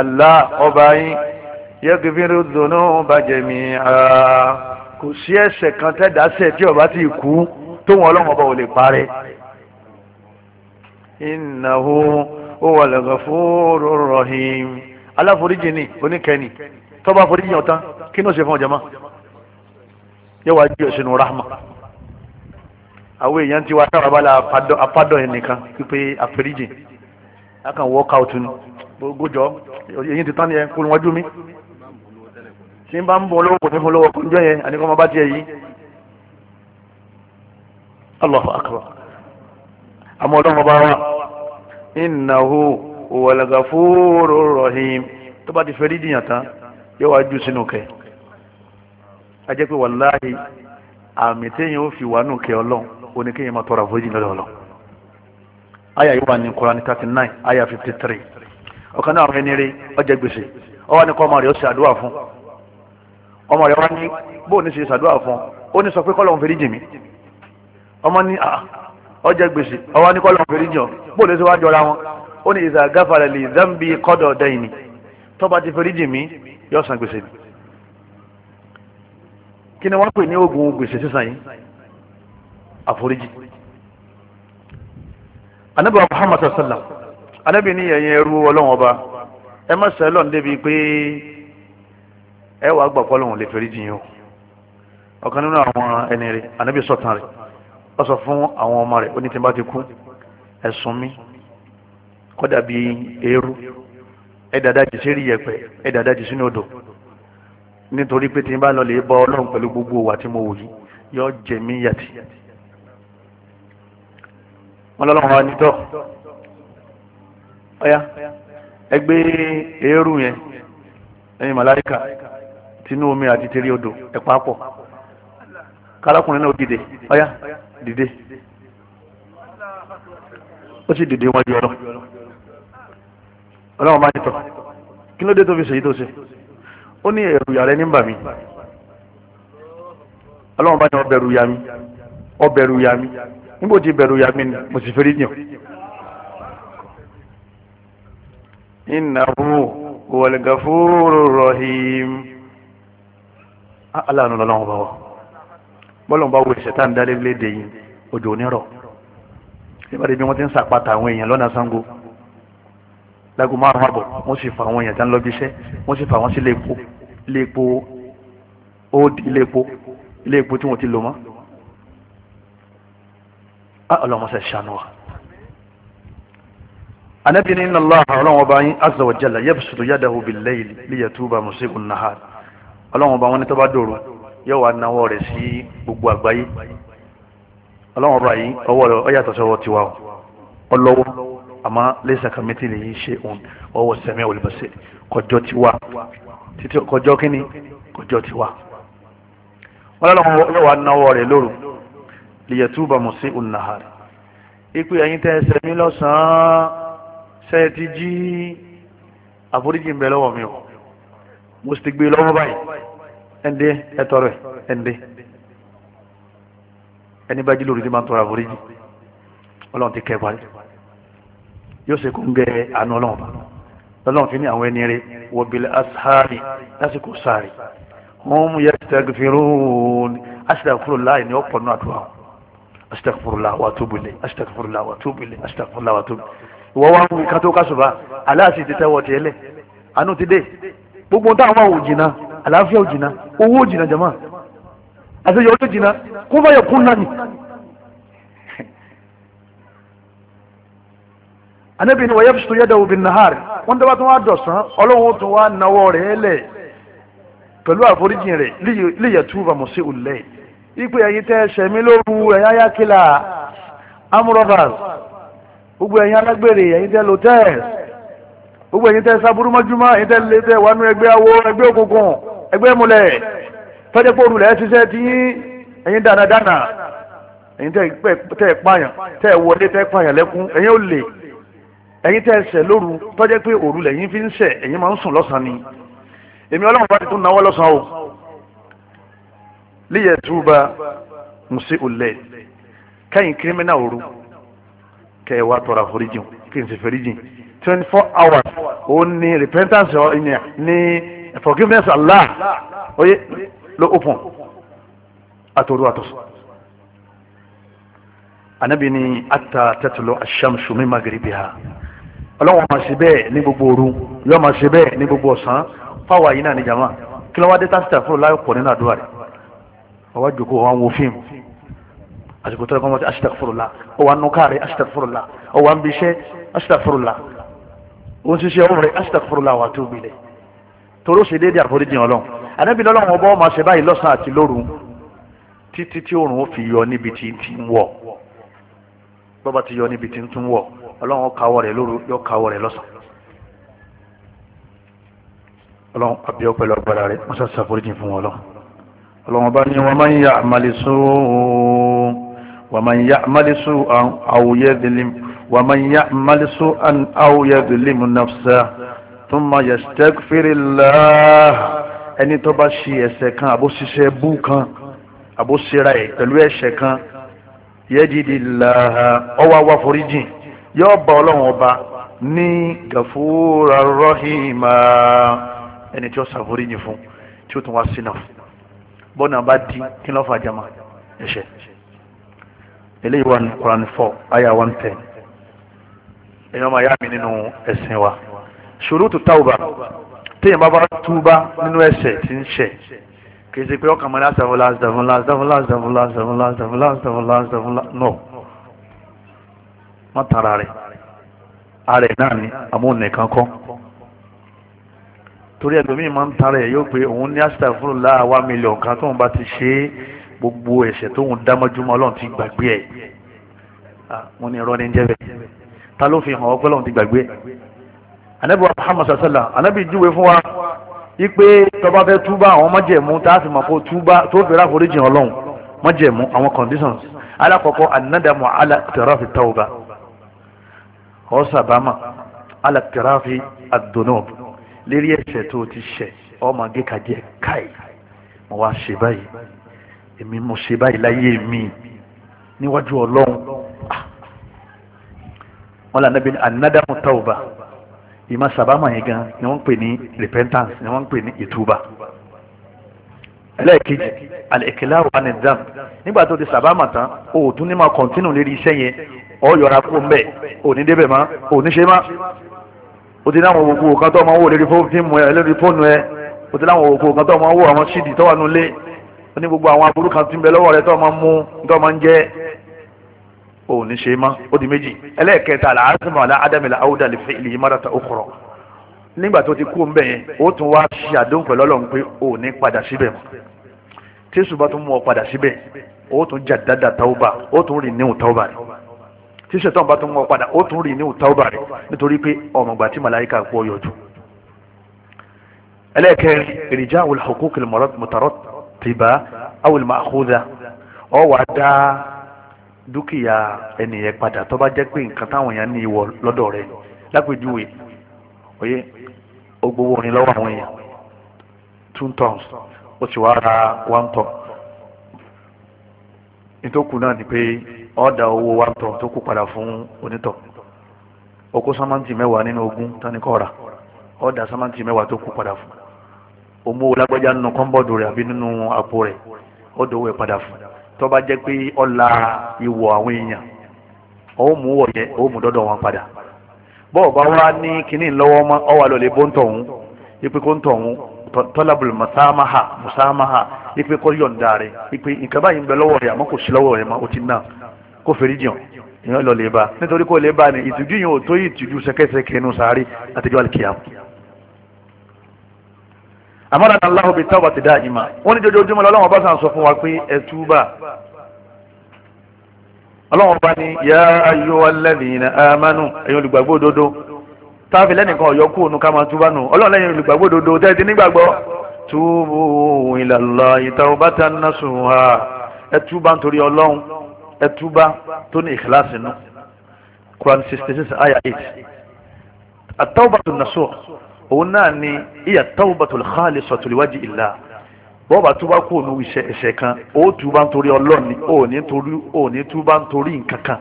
Allah ọba yín yaghfiru dhunuba jami'a kò sí ẹ̀ṣẹ̀ kan tẹ́dásẹ̀ tí ọba ti kú tó wọn ọlọ́run ọba ò lè parẹ́. innahu huwal ghafurur rahim aláforíjì ni oníkẹ́ni tọ́ba àforíjì yàn tán kí ni ó ṣe fún ọjọ́ mọ́ yóò wá jí ọ̀sìn rahma àwọn èèyàn ti wá sábà bala apádọ̀ yẹn nìkan pípé àforíjì akàn wọ́ọ́kà ọ̀tún gbogbo jọ èyí ti tán ni ẹ kó wọ́n jú mi. tí n bá ń bọ̀ olówó kò ní fún olówó kúnjọ́ yẹn àníkọ́ ọmọ bá tiẹ̀ yìí Allahu akbar àmọ́ ọlọ́run ọba wa innahu rahim tó bá ti fẹ́ rí dìyàn tán yóò wá jù sínú kẹ a jẹ́ pé wàláhì fi wà nù kẹ ọlọ́run oníkéèyàn máa tọrọ aya yóò wà ní Kùránì aya fifty three ọ̀kan náà àwọn ẹni rí ni ọmọ rẹ̀ wá ní bó ní ṣe ṣàdúrà fún ó ní sọ pé kọ́lọ̀ ń fèrè jì mí ọmọ ní ọjẹ́ gbèsè ọwọ́ ní kọ́lọ̀ ń fèrè jì ọ́ bó lè ṣe wá jọra wọn ó ní ìzà gáfàlẹ̀ lè zambi kọ́dọ̀ dẹ́yìn ni tọ́ba ti fèrè jì mí yọ san gbèsè mi kí ni wọ́n pè ní oògùn gbèsè sísan yìí àforíjì anabi wa muhammad sallam anabi ni ẹ̀yin ẹrú ọlọ́wọ́n ọba ẹ má sẹ́lọ̀ ń débi pé ẹ wàá gbà pọ́ lè fẹ́rí jìn yín o ọ̀kan nínú àwọn ẹni rẹ̀ ànábì sọ̀tàn rẹ̀ ó sọ fún àwọn ọmọ rẹ̀ ó ní tí n bá ti kú ẹ sùn mí kọ́dà bíi eérú ẹ dàda jì sí rí yẹ̀pẹ̀ ẹ dàda jì sínú odò nítorí pé tí n bá lọ lè bọ ọlọ́run pẹ̀lú gbogbo wa tí mo wò yìí yọ jẹ mí yàtì wọn lọ́lọ́run wa nítọ́ ọ̀ya ẹgbẹ́ eérú yẹn ẹ̀yin màláíkà tinu omi àti tẹ̀lé odò ẹ̀pá pọ̀ kárakùnrin náà dìde ọ̀yá dìde ó sì dìde wájú ọlọ́ ọlọ́wọ́n bá nítọ́ kí ló dé tó fi ṣèyí tó ṣe ó ní ẹ̀rù bà mí mi ó bẹ̀rù mi níbo ti bẹ̀rù mi ni mo sì fẹ́rí yàn innahu aláàánú lọ́lọ́run bá wa bọ́lọ̀ bá wo ìṣẹ̀ tá à ń dálé léde yìí òjò onírọ̀ nígbàdí bí wọ́n ti ń sàpàtà àwọn èèyàn lọ́nà Ṣàngó lágùn márùn àbọ̀ wọ́n sì fa àwọn èèyàn tá ń lọ bí sì fa àwọn sí iléepo iléepo old iléepo iléepo tí wọ́n ti lò mọ́ á ah, ọlọ́mọṣẹ́ ṣàánú wa. anábìíní inna Allah ọlọ́run ọba azza wa jalla yabsutu yadahu bil layli liyatuba musi'un nahar ọlọ́run ọba wọn ní tó bá dòrò yóò wá náwó rẹ̀ sí gbogbo àgbáyé ọlọ́run ọba yìí ọwọ́ rẹ̀ ọyàtọ̀ sọ́wọ́ tiwa o ọlọ́wọ́ àmọ́ lẹ́sà kàmẹ́tì lè ṣe òun ọwọ́ sẹ́mi tiwa títí kọjọ́ kínní kọjọ́ tiwa yóò wá náwó rẹ̀ lóru mi án ti jí àforíjì ń bẹ mo sì ti gbé e lọ́wọ́ báyìí ẹ̀ǹdẹ́ ẹ̀tọ́rọ̀ lori ẹni bá jí lórí ti máa ń tọrọ àforíjì ọlọ́run ti kẹ́ parí yóò ṣe kó ń gẹ àánú ọlọ́run bá lọ́lọ́run fi ní àwọn ẹni rẹ wọ̀bìlẹ̀ asáàrì lásìkò sáàrì wọ́n mú yastaghfirun astaghfirullah ní ọ̀pọ̀ náà tó àwọn astaghfirullah wa atubu ilayh wa atubu ilayh wa atubu ilayh ìwọ wa ń wí kátó kásùbà aláàsì ti tẹ́wọ́ tiẹ́lẹ̀ àánú ti dé gbogbo táwọn àwọn òjìnà àlàáfíà òjìnà owó òjìnà jama àṣeyọ òjìnà kó fàyọ kún náà anabi ni (laughs) wọ́n fi sọ yẹ́dà obìnrin nahari wọ́n dábàá tó wá dọ̀sán ọlọ́run tó wá náwó rẹ̀ lẹ̀ pẹ̀lú àforíjìn rẹ̀ líyẹ̀ tú bàmọ̀ sí òlẹ̀ ipe ẹ̀yin tẹ́ ṣẹ̀mí lóru ẹ̀yà yákìlá amúrọ̀bàs gbogbo ẹ̀yin gbogbo ẹ̀yin tẹ́ sábúrú mọ́júmọ́ ẹ̀yin tẹ́ lé tẹ́ wánú ẹgbẹ́ awo ẹgbẹ́ òkùnkùn ẹgbẹ́ múlẹ̀ tọ́jẹ́ pé òrùlẹ̀ ṣiṣẹ́ ti yín ẹ̀yin dánadána ẹ̀yin tẹ́ pààyàn tẹ́ wọlé tẹ́ pààyàn lẹ́kún ẹ̀yin ò lè ẹ̀yin tẹ́ ṣẹ̀ lóru tọ́jẹ́ pé òrùlẹ̀ yín fi ń ṣẹ̀ ẹ̀yin máa ń sùn lọ́sàn ni èmi ọlọ́run bá ti tún náwó lọ́sàn o líyẹ̀ túba musi olè kẹ́yìn kírímínà twenty four hours ó ní repentance ọ̀yàn ní forgiveness Allah oye Lo open àtòrò àtòsùn anabi ni ata tẹtulo aṣamṣu mi magribiha ọlọ́wọ́n máa ṣe bẹ́ẹ̀ ní gbogbo òru yóò máa ṣe bẹ́ẹ̀ ní gbogbo ọ̀sán fáwọn àyínà ní jama kí ló wá dé tásítà fún láyọ̀ pọ̀ nínú àdúrà rẹ̀ ọwọ́ jòkó wọn wo fíìmù àsìkò tó yẹ kó wọn ti aṣítàfúrúlà ọwọ́ anú káàrí aṣítàfúrúlà ọwọ́ anbíṣẹ́ aṣítàfúrúlà òun ṣiṣẹ́ ọmọ rẹ̀ astaghfirullah wa atubu ilayh torí ó ṣe déédéé àforíjì ọlọ́run ànábì lọ́lọ́run ọba ọmọ ṣe báyìí lọ́sàn-án àti lóru títí tí òòrùn ó fi yọ níbi tí ń ti ń wọ̀ bọ́ba ti yọ níbi tí ń tún wọ̀ ọlọ́run ó kawọ́ rẹ̀ lóru yóò kawọ́ rẹ̀ lọ́sàn-án ọlọ́run àbí ọpẹlú agbára rẹ̀ wọ́n ṣàṣà àforíjì fún wọn lọ́wọ́ ọlọ́run ọba ní wa man ya'mali su'an wa ومن يعمل سوءا أو يظلم نفسه ثم يستغفر الله ẹni tó bá ṣe ẹ̀ṣẹ̀ kan àbóṣiṣẹ́ bú kan àbóṣera ẹ̀ pẹ̀lú ẹ̀ṣẹ̀ kan yẹ́dìdì làhà ọwọ́ àwa foríjìn yóò bá ọlọ́run ọba ní gàfúrà rọ́hìmà ẹni tí ó ṣàforíjìn fún tí ó tún wá sínà bọ́nà bá di kí ló fà jama ẹ̀ṣẹ̀ eléyìí wà ní Quran four ayah one ten èèyàn máa yá mi nínú ẹ̀sìn wa ṣurutu tauba téèyàn bá bá túbá nínú ẹ̀ṣẹ̀ tí ń ṣẹ̀ kì í ṣe pé ọkàn mọ́lá ṣàfúnlá ṣàfúnlá ṣàfúnlá ṣàfúnlá ṣàfúnlá ṣàfúnlá ṣàfúnlá ṣàfúnlá nọ má tara rẹ̀ ara náà ni amóhùnnìkan kọ́ torí ẹlòmíì máa ń tara ẹ̀ yóò pé òun ní àṣàfúnlá wa mílíọ̀nù kan tóun bá ti ṣe é gbogbo ẹ̀ṣẹ̀ tóun dámọ́júmọ́ ọlọ́run ti gbàgbé ẹ̀ wọ́n ah, ní irọ́ ní jẹ́bẹ̀ẹ́ ta ló fi hàn ọ́ pẹ́lọ́n ti gbàgbé anabi wa muhammad sallallahu anabi júwe fún wa ipe tọba fẹ́ túbà àwọn májẹ̀mú tá a sì mọ̀ kó túbà tó fẹ́rẹ́ àforíjì ọlọ́run májẹ̀mú àwọn conditions alakọ̀kọ́ anadamu alakitarafi tawba ọ̀sàbámà alakitarafi adonob lérí ẹ̀ṣẹ̀ tó ti ṣẹ̀ ọmọ gẹ́kàjẹ́ káì mo wá ṣe báyìí èmi mo ṣe báyìí láyé mi níwájú ọlọ́run ah wọn là nàbí anadamu tauba ìmọ̀ sàbámà yẹn gan ni wọ́n ń pè ní repentance ni wọ́n ń pè ní ìtúbà ẹlẹ́ẹ̀kejì alẹ́kẹ̀láwò anidam nígbà tó ti sàbámà tán o ò tún ní máa kọ̀ntínù lérí iṣẹ́ yẹn ọ yọra kó ń bẹ̀ ò ní débẹ̀ má ò ní ṣe má o ti láwọn òwò kan tó máa ń wò lórí fóònù ẹ lórí fóònù ẹ o ti láwọn òwò kan tó máa ń wò àwọn síìdì tó wà nulẹ̀ o ní gbogbo àwọn aburú kan ti ń bẹ lọ́wọ́ rẹ tó máa mú tó máa ń jẹ́ ò ní ṣe má ó di méjì ẹlẹ́ẹ̀kẹta àlàásìmọ̀ àlà ádámìlà áwùdà lè fẹ́ ilé yìí mọ́ra ta ó kọ̀rọ̀ nígbà tó ti kú ń bẹ̀ yẹn ó tún wá ṣe àdéhùn pẹ̀lú ọlọ́run pé ò ní padà síbẹ̀ mọ́ tí èṣù bá tún mú ọ padà síbẹ̀ ó tún jà dáadáa tàwùbà ó tún rìn níhùn tàwùbà rẹ̀ tí ṣètọ́n bá tún mú ọ padà ó tún rìn níhùn tàwùbà rẹ̀ nítorí pé ọmọgbà tí màláyíkà kú ọ yọjú. ẹlẹ́ẹ̀kẹrin dúkìá ẹnìyẹn padà tó bá jẹ́ pé nǹkan táwọn èèyàn ní ìwọ lọ́dọ̀ rẹ̀ lápèjúwe oyè ó gbowó orin lọ́wọ́ àwọn èèyàn two tons ó sì wáá ra ton nítòkù náà ni pé owó one ton tó kú padà fún onítọ̀ okó sámántì mẹ́wàá nínú ogún tánikọ́ra ọ̀ọ́dà sámántì mẹ́wàá tó kú padà fún òmùwò lágbájá nínú kọ́ńbọ̀dù rẹ̀ àbí nínú àpò rẹ̀ owó ẹ̀ padà tó bá jẹ́ pé ọ̀la ìwọ̀ àwọn èèyàn ó mú wọ̀ yẹ ó mú dọ́dọ̀ wọn padà bọ́ọ̀ bá wá ní kínní lọ́wọ́ mọ́ ọ wà lọ́lẹ̀ bó ń tọ̀hún ipe kó ń tọ̀hún tọ́lábùl mùsámáhà mùsámáhà ipe kó yọ̀ǹda rẹ̀ ipe nǹkan báyìí ń bẹ lọ́wọ́ rẹ̀ àmọ́ kò sí lọ́wọ́ rẹ̀ mọ́ ó ti ná kó fèrè jìn ìyẹn lọ́lẹ̀ bá nítorí kó lè bá ní ìtìjú yìí ò tó ìtìjú sẹ́kẹ́sẹ́kẹ́ inú sáré àtijọ́ àlùkìyàmù àmọ́ra náà aláhùn bíi táwọn ti dá ìmà wọ́n ní jojoojúmọ́ lọ́wọ́ bá sàn sọ fún wa pé ẹ túbà ọlọ́wọ́n bá ní yá ayyuhal ladhina amanu ẹ̀yin olùgbàgbọ́ òdodo táàfin lẹ́nìkan ọ̀yọ́ kú òun ká máa túbà nù ọlọ́run lẹ́yìn olùgbàgbọ́ òdodo tẹ́ ti nígbàgbọ́ túbù ila Allahi tawbatan nasuha ẹ túbà nítorí òun náà ni iya tawbatul khalisatu liwaji illah bọ́ọ̀bà túbá kú òun iṣẹ́ ẹ̀ṣẹ̀ kan ó túbá nítorí ọlọ́ọ̀ni ó ní torí ó ní túbá nítorí nǹkan kan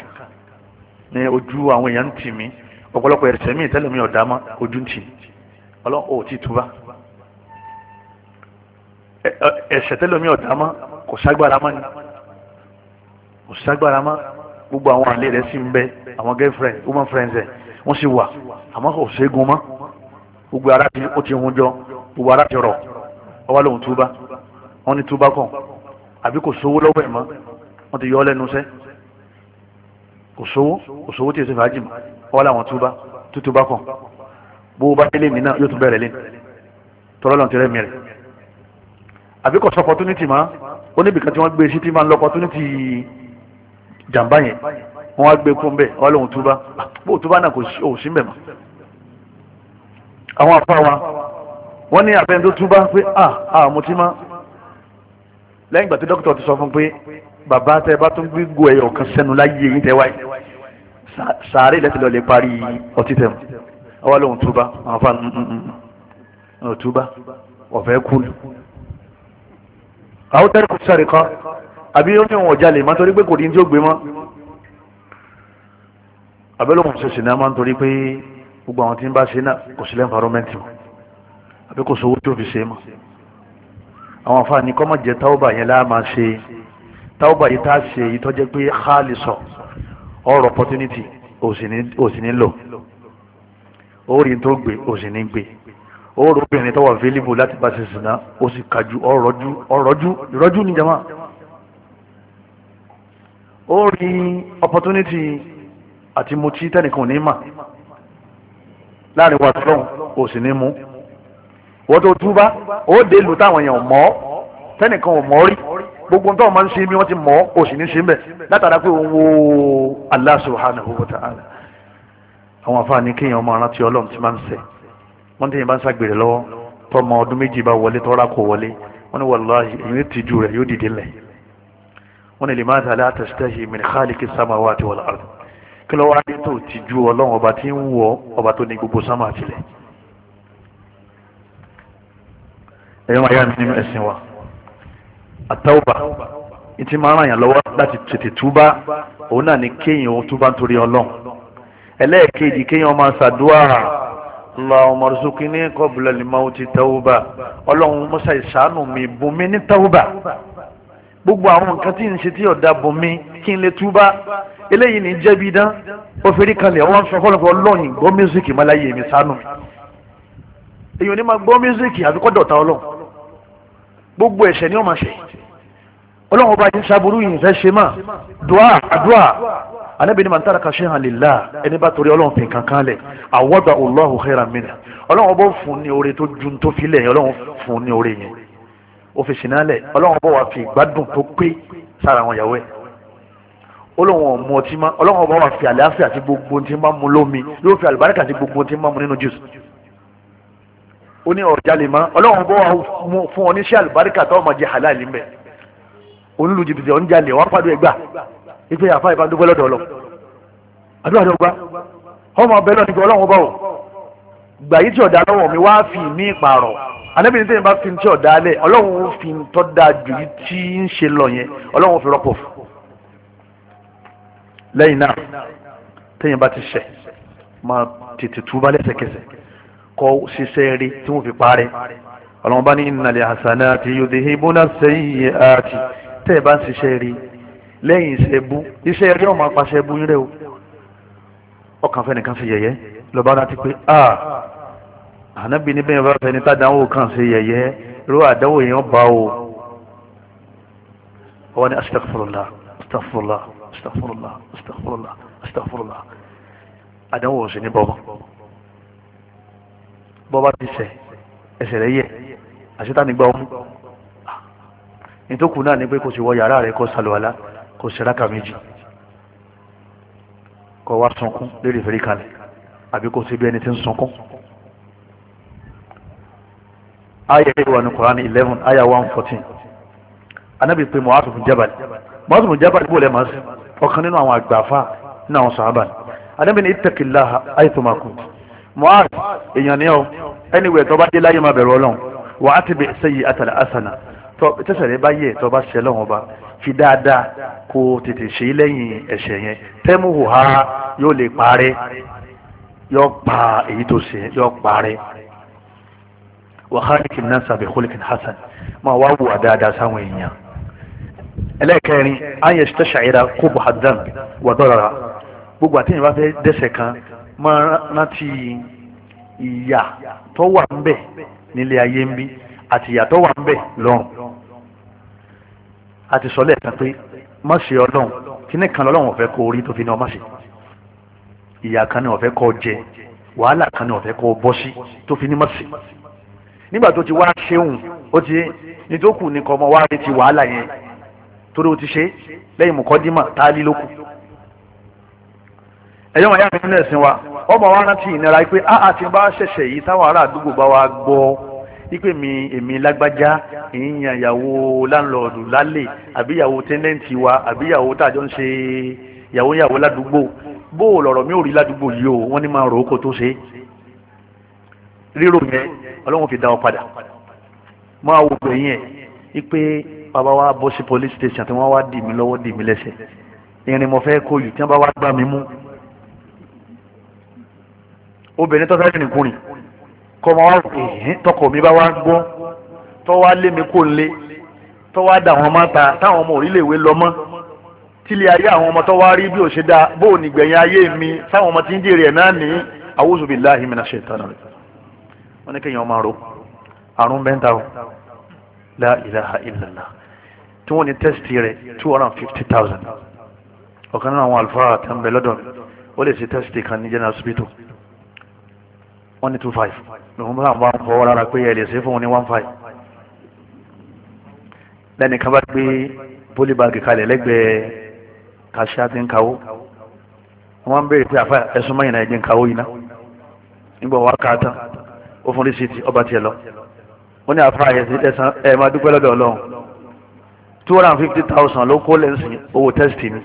ní ojú àwọn èèyàn ń tì mí ọ̀pọ̀lọpọ̀ ẹ̀ṣẹ̀ mi ìtẹ́lẹ̀ mi ọ̀dá mọ́ ojú ń tì mí ọlọ́run ò tí túbá ẹ̀ṣẹ̀ tẹ́lẹ̀ mi ọ̀dá mọ́ kò ságbára mọ́ ni kò ságbára mọ́ gbogbo àwọn àlè rẹ̀ sì ń bẹ àwọn girlfriend woman friends ẹ̀ wọ́n sì wà àmọ́ kò ségun mọ́ gbogbo ara ti ó ti hun jọ gbogbo ara ti rọ ọwọ́ lòun túbá wọn ní túbá kàn àbí kò sówó lọ́wọ́ ẹ̀ mọ́ wọn ti yọ ọ lẹ́nu sẹ́ kò sówó kò sówó tí o ṣe fàájì mọ́ ọwọ́ làwọn túbá tútúbá kàn gbogbo bá délé mi náà yóò tún bẹ̀rẹ̀ lé tọ́lọ́lọ́ ti rẹ̀ mi rẹ̀ àbí kò sọ opportunity mọ́ ó níbi kan tí wọ́n gbé sí tí máa ń lọ opportunity jàǹbá yẹn wọ́n wá gbé kún bẹ́ẹ̀ ọwọ́ lòun túbá bó túbá náà kò sí mbẹ̀ mọ́ àwọn afá wa wọ́n ní àfẹ́ni tó túbá pé à ah, à ah, mo ti má lẹ́yìn ìgbà tí dókítà ti sọ fún pé bàbá tẹ bá tún gbígbó ẹyọ kan sẹ́nu láyé yìí tẹ wáyé sàárè lẹ́sìn lọ lè parí ọtí tẹ̀wọ̀n ọwọ́ lóhun túbá àwọn afá nù mm, mm, mm, túbá ọ̀fẹ́ kúlù àwọn tẹ́lẹ̀ kò sáré kan àbí ó ní òun ọ̀jà má torí pé kò ní tí ó gbé mọ́ àbẹ́lòmùsọ̀sì náà má torí pé gbogbo àwọn tí ń bá ṣe náà kò sí lẹ́nfàrọ́mẹ́ntì mọ́ àbí kò sówó tó fi ṣe mọ́ àwọn àǹfààní kọ́mọ̀ jẹ́ táwọ́bà yẹn láà máa ṣe táwọ́bà yìí tá a ṣe èyí tó jẹ́ pé xaali sọ ọ̀rọ̀ opportunity ò sì ní lò orí tó gbé ò sì ní gbé orí obìnrin tó wà available láti bá ṣe sìnà ó sì kájú ọ̀rọ̀jú ọ̀rọ̀jú ìrọ́jú níjàmá orí opportunity àti mo tí tẹnìkan ní mà láàrin wa tọ́lọ́hún ò sì ní mú wọ́n tó túbá ó dé ìlú táwọn èèyàn mọ̀ ọ́ tẹ́nìkan ò mọ̀ rí gbogbo ntọ́ máa ń ṣe bí wọ́n ti mọ̀ ọ́ ò sì ní ṣe ń bẹ̀ látara pé òun wo Allah subhanahu wa ta'ala àwọn afáàní kéèyàn máa rántí ọlọ́run ti máa ń sẹ̀ wọ́n tẹ̀yìn bá ń ṣàgbèrè lọ́wọ́ tọ́mọ ọdún méjì bá wọlé tọ́ra kò wọlé wọ́n ní wàláhì èyí ti ju rẹ̀ yóò dìde lẹ̀ wọ́n ní lè má kí ló wá dé tó ti ju ọlọ́run ọba tí ń wọ ọba tó ní gbogbo sánmà tilẹ̀ ẹ̀yọ́ máa yá mi nínú ẹ̀sìn wa àtàwùbà ìtì máa ń ràn yàn lọ́wọ́ láti tètè túbá òun náà ni kéèyàn ó túbá nítorí ọlọ́run ẹlẹ́ẹ̀kejì kéèyàn máa ṣàdúrà Allahumma rzuqni qabla al-mawti tawba ọlọ́run mọ́sá ìṣàánú mi bùnmi ní tàwùbà gbogbo àwọn nǹkan tí ń ṣe tí ọ̀dà bùnmi kí n lè túbá eléyìí ní jẹ́bi dán òfìrí kanlẹ̀ wọ́n sọ fọlọ́fọ́ ọlọ́yìn gbọ́ mísíkì máláyé mi sánú èyàn ní ma gbọ́ mísíkì àbí kọ́ dọ̀tá ọlọ́run gbogbo ẹ̀ṣẹ̀ ni ó máa ṣe ọlọ́run ọba yìí ṣàbùrú yìí fẹ́ ṣe máa dùá àdúà anábìíní màá tàràkà ṣe hàn lìlá ẹni bá torí ọlọ́run fi kankan lẹ̀ àwọ̀dà Allahu khairan minna ọlọ́run ọba fún ní oore tó ju tó fi lẹ̀ ọlọ́run fún ní oore yẹn òfìsì ọlọ́run ọba wà fi ìgbádùn tó pé sára àwọn ìyàwó olóhùn ọmọ ọtí má ọlọ́hùn ọba wà fi àlàáfíà àti gbogbo tí má mu lómi yóò fi àlùbáríkà àti gbogbo tí má mu nínú jésù ó ní ọ̀já lè má ọlọ́hùn ọba wà fún ọ níṣẹ́ àlùbáríkà tó máa jẹ halal mbẹ onílù jìbìtì ọ̀njà lè wá pàdé ẹgbà ife àfa ìbá dúpẹ́ lọ́dọ̀ ọlọ àdúrà tó gbá ọmọ ọbẹ̀ náà ní ọlọ́hùn ọba o gbà yìí tí ọ̀dà lọ́wọ́ mi wá fi mí pààrọ̀ anábìrin tẹ́yìn bá fi ti ọ̀dà alẹ́ ọlọ́hùn fi tọ́ da jù tí ń ṣe lọ yẹn ọlọ́hùn fi rọ́pò fún lẹ́yìn náà téèyàn bá ti ṣẹ̀ máa tètè túbá lẹ́sẹ̀kẹsẹ̀ kọ́ ṣiṣẹ́ rí tí wọ́n fi parẹ́ ọlọ́run bá ní innal hasanati yudhibuna sayyiati tẹ́ ẹ bá ń ṣiṣẹ́ rí lẹ́yìn ìṣẹ́bú iṣẹ́ rí ọmọ apàṣẹ bú yín rẹ o ọkàn fẹnìkan fi yẹ̀yẹ́ lọ́ba láti pé a ànábì níbẹ̀ yẹn bá fẹni tádàáwò kan ṣe yẹ̀yẹ́ irú àdáwò yẹn bá o ọwọ́ ni astaghfirullah astaghfirullah astaghfirullah astaghfirullah astaghfirullah àdánwò ọ̀sẹ̀ ní bọ́ọ̀mọ́ bọ́ọ̀bá ti sẹ̀ ẹsẹ̀ rẹ̀ yẹ àṣetánì gbà ọmú nítòkù náà ni pé kò sì wọ yàrá rẹ̀ kó sàlùwàlá kó sẹ̀ráka méjì kó wá sunkún lérí ìfẹ́rí kalẹ̀ àbí kó sì bí ẹni tí ń sunkún aya ìwà ní Quran eleven aya one fourteen anabi pé mu'adh bin jabal mu'adh bin bó lẹ́ máa sìn ọ̀kan nínú àwọn àgbàfà nínú àwọn sàábà ni Ànábì ní ittaqillaha haythuma kunt Mu'adh èèyàn ní ọ ẹni wẹ̀ tó bá dé láyé máa bẹ̀rù ọlọ́run wà á ti bẹ̀ sẹ́yì àtàlẹ́ àsànà tó tẹ̀sẹ̀ rẹ bá yẹ tó bá ṣẹ lọ́wọ́n ọba fi dáadáa kó tètè ṣe lẹ́yìn ẹ̀ṣẹ̀ yẹn tẹ́mù hùwà yóò lè parẹ́ yóò pa èyí tó ṣe yóò parẹ́ wà á kí sàbẹ̀ khuliqin hasan máa wá wù ẹlẹ́ẹ̀kẹrin ayé ṣiṣẹ́ ṣàyẹ̀dá kó bọ̀ gbogbo àti ìyẹn fẹ́ kan máa rántí ìyà tó wà ń bẹ nílé ayé ń bí àti ìyà tó wà ń àti sọ lẹ́ẹ̀kan pé má ṣe ọlọ́run kíní kan lọ́lọ́run ọ̀fẹ́ kó orí tó fi ní ọmọ ṣe ìyà kan ní ọ̀fẹ́ kó jẹ wàhálà kan ní ọ̀fẹ́ kó bọ́ fi ní ti wá ṣéhùn ó ti ní tó kù ti wàhálà yẹn torí o ti ṣe lẹ́yìn mọ̀kọ́dímà tá a lé lóko ẹ̀yọ́ wọn yá mi nínú ẹ̀sìn wa ọmọ wa rántí ìnira pé a ah, àti ah, bá ṣẹ̀ṣẹ̀ yìí táwọn ará àdúgbò bá wa gbọ́ ipe mi èmi lágbájá ìyàn ìyàwó láńlọ́ọ̀dù lálẹ́ àbí ìyàwó tẹ́lẹ̀ǹtì wa àbí ìyàwó tàjọ ń ṣe ìyàwó ìyàwó ládùúgbò bó o lọ̀rọ̀ mi ò rí ládùúgbò yìí o wọ́n ní máa rò ó kó tó ṣe rírò yẹn ọlọ́run fi dá ọ padà máa wò pé yẹn ipe bàbá wa bọ́ sí police station tí wọ́n wá dì mí lọ́wọ́ dì mí lẹ́sẹ̀ irin mo fẹ́ kó yìí tí wọ́n bá wá gbà mí mú obìnrin tó sáré nìkùnrin kọ́ ma wá ẹ̀hìn tọkọ mi bá wá gbọ́ tọ́ wá lé mi kó n lé tọ́ wá dà wọ́n má ta táwọn ọmọ orílẹ̀ èwe lọ mọ́ tílé ayé àwọn ọmọ tó wá rí bí ò ṣe dáa bó o nìgbẹ̀yìn ayé mi táwọn ọmọ tí ń jèrè ẹ̀ náà ní a'udhu billahi minash shaitani rẹ̀ wọ́n ní kéèyàn máa ro àrùn bẹ́ńtà o la ilaha tí wọ́n ní tẹ́sítì rẹ̀ two hundred and fifty thousand ọ̀kan nínú àwọn àlùfáà tó ń bẹ lọ́dọ̀ mi ó lè ṣe tẹ́sítì kan ní general hospital One two five lòun bá àwọn fọwọ́ rárá pé ẹ lè ṣe fún wọn ní one five lẹ́nìkan bá gbé pólíbàgì kalẹ̀ lẹ́gbẹ̀ẹ́ kàṣíà tí ń kawó wọ́n ń béèrè pé àfa ẹ̀sùn mọ́yìn náà ẹ̀jẹ̀ ń kawó yìí ná nígbà wàá kà á tán ó fún rísíìtì ọba tiẹ̀ lọ wọ́n ní àfa ẹ̀sán ẹ̀ máa dúpẹ́ lọ́dọ̀ ọlọ́run two hundred and fifty thousand ló kó lẹ́sìn owó tẹ́sítì ni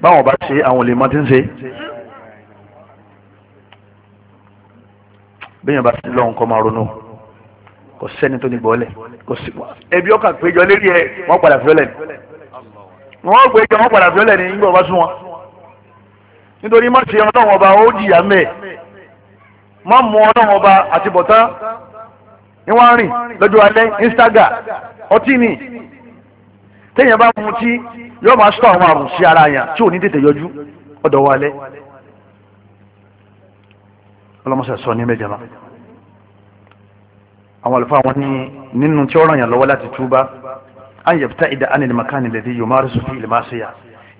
báwọn bá ṣe àwọn olè mọ́tí ń ṣe. bẹ́ẹ̀ bá ti lọ́hùn kọ́ máa ronú kò sẹ́ni tó ní bọ́ọ̀lẹ̀ kò sí wa. ẹbí ọkà péjọ lérí ẹ wọ́n padà fiọ́lẹ̀ ni wọ́n péjọ wọ́n padà fiọ́lẹ̀ ni nígbà wọ́n sún wọn. nítorí má ṣe ọlọ́run ọba ó jìyà mẹ́ẹ̀ má mú ọlọ́run ọba àti bọ̀tán ní wọ́n rìn lọ́jọ́ alẹ́ instaga ọtí ni téèyàn bá mu tí yóò máa sọ àwọn àrùn sí ara yàn tí ò ní tètè yọjú ọ̀dọ̀ wa lẹ́ ọlọ́mọṣẹ́ sọ ní mẹ́jọ àwọn àlùfáà wọn ní nínú tí ó ràn yàn lọ́wọ́ láti túbá á yẹ̀ fìtá ìdá ánìlì makánì lẹ́dí yóò máa rí sùfì ìlú máa ṣe yà